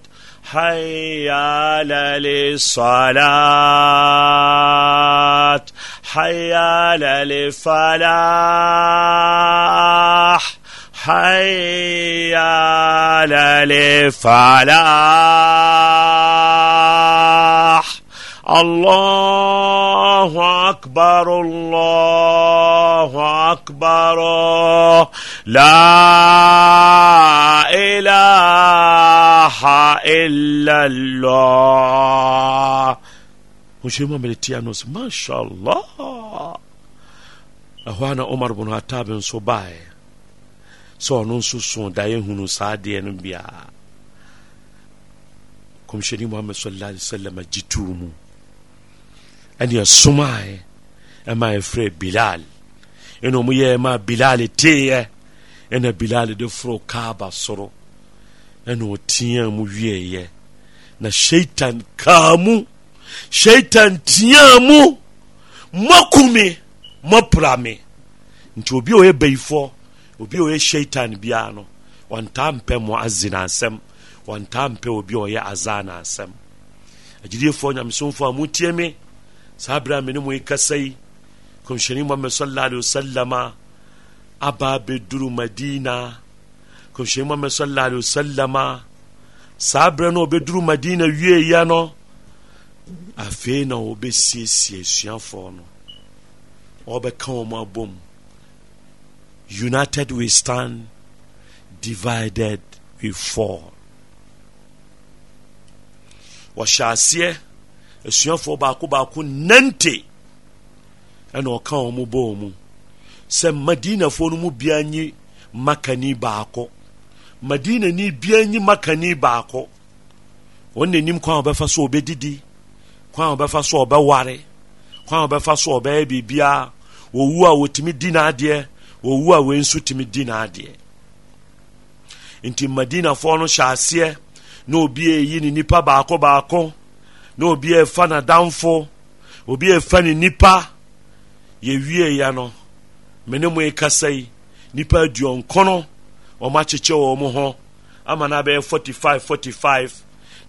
حي على للصلاة حي على الفلاح حي على الفلاح الله أكبر الله أكبر لا إله إلا الله وشيما ملتيانوس ما شاء الله أهوانا عمر بن خطاب صباي sɛ ɔno nso so da yɛhunu saa adeɛ no biaa kɔmhyɛni muhammad sallallahu alaihi wasallam gye too mu ɛne ɛsomaɛ ɛma ɛfrɛ bilal ɛne ɔmo yɛ ma bilal teeɛ eh? ɛna bilal de foro kaaba soro ɛna ɔteaa mu wieɛ na shaitan kaa mu shaitan teaa mu moaku me moapra me nti obi a ɔyɛ bɛyifoɔ obi a ɔyɛ shaitan biara no wɔntaa mpɛ azi nasɛm wɔntaa mpɛ obi a ɔyɛ azan asɛm agyidiefoɔ nyamesomfoɔ a motie me saa berɛ a mene mu yi kasa yi kɔmhyɛni muhammad sallallahu alaihi wasallama aba abɛduru madina kɔmhyɛni muhammad sallallahu alaihi wasallama saa berɛ no ɔbɛduru madina wieya no afei na wɔbɛsiesie asuafoɔ no ɔbɛka wɔn abom united we stand divided we fall wɔhyɛ aseɛ asuafoɔ baako baako nante ɛna ɔka wɔn mu bɔ wɔn mu sɛ madinafoɔ no mu bia nyi makani baako madinani bia nyi makani baako wɔn na nim kwan a wɔbɛfa so wɔbɛdidi kwan a wɔbɛfa so wɔbɛware kwan a wɔbɛfa so wɔbɛyɛ biribiara wɔwu a wɔtumi di n'adeɛ wɔwu a wɔn tumi di n'adeɛ nti madinafoɔ no hyɛ aseɛ na obi a eyi ne nipa baako baako na obi ɛfa n'adamfo obi ɛfa ne nipa yɛwie ya no me ne mo ɛkasa yi nipa aduɔnkɔnɔ wɔn akyekyɛ wɔn mo ho ama na abɛyɛ forty five forty five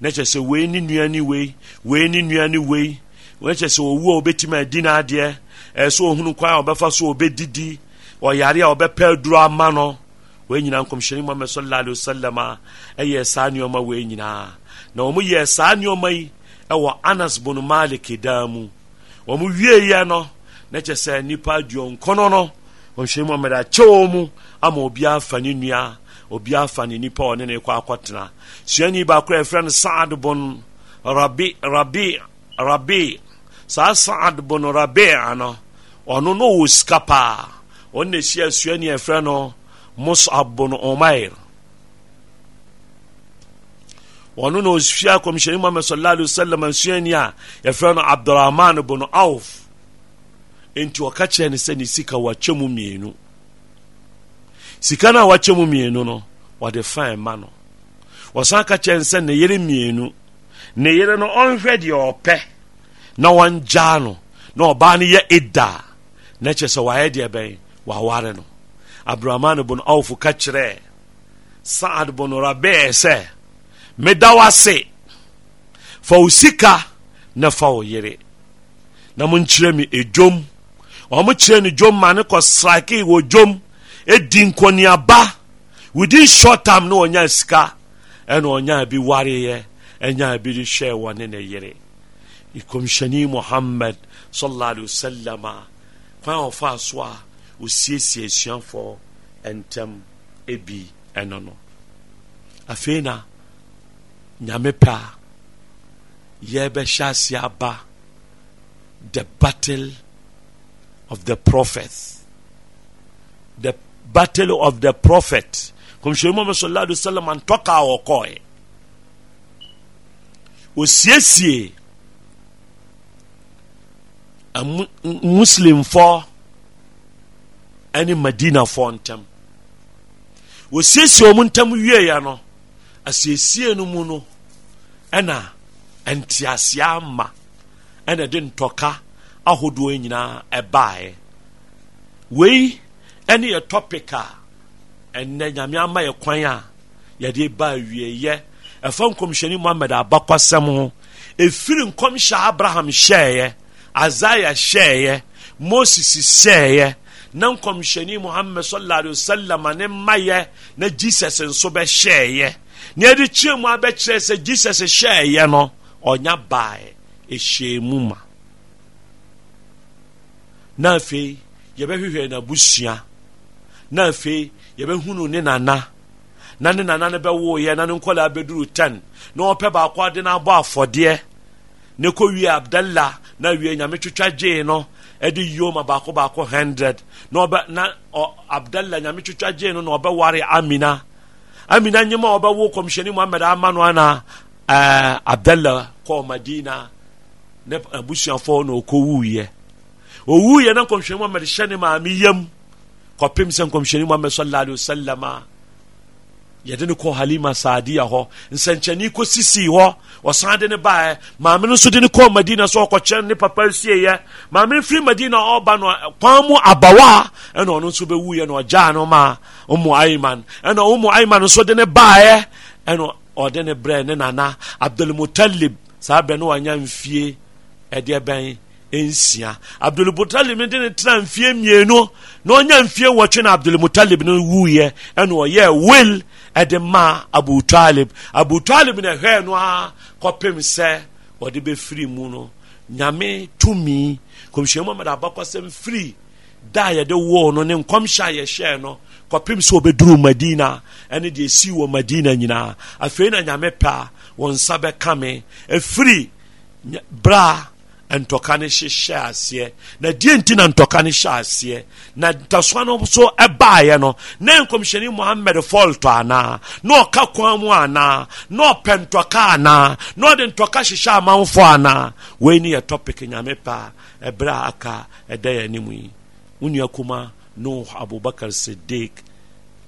na kyerɛ sɛ wei ne nua ni wei wei ne nua ne wei wɔn kyerɛ sɛ owu a obetumi adi n'adeɛ ɛsɛ ohun kwan a ɔbɛfa so obedidi ɔyare a ɔbɛpɛ aduro ama no wɔn nyinaa nkɔmhyɛnni mu amesɔ lalo sallama ɛyɛ saa nneɛma wɔn nyinaa na wɔn yɛ saa nneɛma yi ɛwɔ anas bun malik daa mu wɔn wieɛ no ne kyɛ sɛ nipa duonkɔnɔ no wɔnhyɛn mu ɔmɛdɛ akyɛ wɔn mu ama obiara fa ne nua obiara fa ne nipa ɔne ne kɔ akɔtena suani baako a yɛfrɛ no saad bun rabi rabi rabi saa saad bun rabi ano ɔno no wɔ sika paa ɔno na ehyia suani a yɛfrɛ no musab bun umair ɔno na ɔhyia kɔmhyɛni muhammad sallallahu alaihi wasallam nsuani a yɛfrɛ no abdurrahman bin auf enti ɔka kyerɛ no sɛ ne sika wakyɛ mu mmienu sika no a wakyɛ mu mmienu no wɔde fan ma no wɔsan ka kyerɛ no sɛ ne yere mmienu ne yere no ɔnhwɛ deɛ ɔpɛ na wɔngyaa no na ɔbaa no yɛ ida na kyerɛ sɛ wayɛ deɛ bɛn waware no abdurrahman bin auf ka kyerɛ saad bin rabi sɛ meda wo ase fa wo sika na fa wo yere na monkyerɛ me ɛdwom ɔmo kyerɛ no dwom ma ne kɔsrake wɔ dwom ɛdi nkɔneaba within short time na ɔnya sika ɛna ɔnya bi wareɛ ɛnya bi de hyɛ wɔ ne ne yere ikɔmhyɛni muhammad sallallahu alaihi wasallam a kwan a ɔfa so a ɔsiesie asuafoɔ ɛntɛm ɛbi ɛno no afei na nyame pɛ a yɛbɛhyɛ ase aba the battle of the prophets the battle of the prophet kɔmhyɛni mu sallallahu alaihi wasallam antɔka a wɔkɔɛ osiesie muslimfoɔ ɛne madinafoɔ ntam osiesie wɔn no asiesie no mu no ɛna nteaseɛ ama ɛna de ntɔka ahodoɔ nyinaa ɛbaeɛ wei ɛne yɛ topic a ɛnɛ nyame ama yɛ kwan a yɛde baa wieyɛ ɛfa nkɔmhyɛni mohammed abakɔsɛm ho ɛfiri nkɔmhyɛ abraham hyɛeɛ asaia hyɛeɛ moses hyɛeɛ na nkɔmhyɛni mohammed sallallahu alaihi wasallam ne mmayɛ na jesus nso bɛhyɛeɛ nea ɛde kyerɛ mu abɛkyerɛ sɛ jesus e hyɛɛyɛ no ɔnya baeɛ ɛhyɛɛ e mu ma na afei yɛbɛhwehwɛ n'abusua na afei yɛbɛhunu ne nana na ne nana no bɛwoeɛ na ne nkɔlaa bɛduru 10 na ɔpɛ baako ade no abɔ afɔdeɛ ne kɔ wie abdalla na wie nyame twitwa gyee no ɛde e yoma baako baako 100 na abdalla nyame twitwa gyee no na ɔbɛware amina amina nyima a ɔbɛwo kɔmhyɛni muhammad ama no ana ɛɛ eh, abdalla kɔɔ madina ne abusuafoɔ na ɔkɔwuiɛ ɔwuiɛ na kɔmhyɛni muhammad hyɛ ne maame yam kɔpem sɛ nkɔmhyɛni muhammad sallallahu alaihi wasallam a yɛde no kɔ halima saadia hɔ nsɛnkyɛne kɔ sisii hɔ ɔsan de ne baɛ maame no nso de ne kɔ madina sɛ ɔkɔkyɛn ne papa sieɛ maame firi madina ɔba no kwan mu abawa ɛna ɔno nso bɛwuiɛ na ɔgyaa no ma ɔmu aiman ɛna ɔmu aiman nso de ne baɛ ɛna ɔde ne brɛ ne nana abdulmutalib saa bɛ no wanya mfie ɛdeɛ bɛn nsia abdulmutalib de ne tena mfie mmienu na ɔnya mfie wɔtwe na abdulmutalib no wuiɛ ɛna ɔyɛɛ will ɛde ma abu talib abu talib na ɛhwɛ no a kɔpem sɛ wɔde bɛfiri mu no nyame tumi kɔmhyia mu amade abakɔsɛm firi da a yɛde wɔɔ no ne nkɔmhyɛ a yɛhyɛɛ no kɔpem sɛ wɔbɛduru madina ɛne deɛ ɛsii wɔ madina nyinaa afei na nyame pɛ a wɔn nsa bɛka me ɛfiri bra ntɔka no hyehyɛ aseɛ na deɛ nti na ntɔka no hyɛ aseɛ na ntasoa no so ɛbaeɛ no na nkɔmhyɛni mohammed fɔltɔ anaa na ɔka kwan mu anaa na ɔpɛ ntɔka anaa na ɔde ntɔka hyehyɛ amanfoɔ anaa wei ne yɛ topic nyame paa ɛberɛ a aka ɛda yɛ anim yi wo nua kuma no abubakar siddiq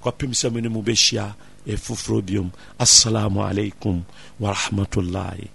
kɔpem sɛ me ne mu bɛhyia ɛfoforɔ biom assalamu alaikum warahmatullahi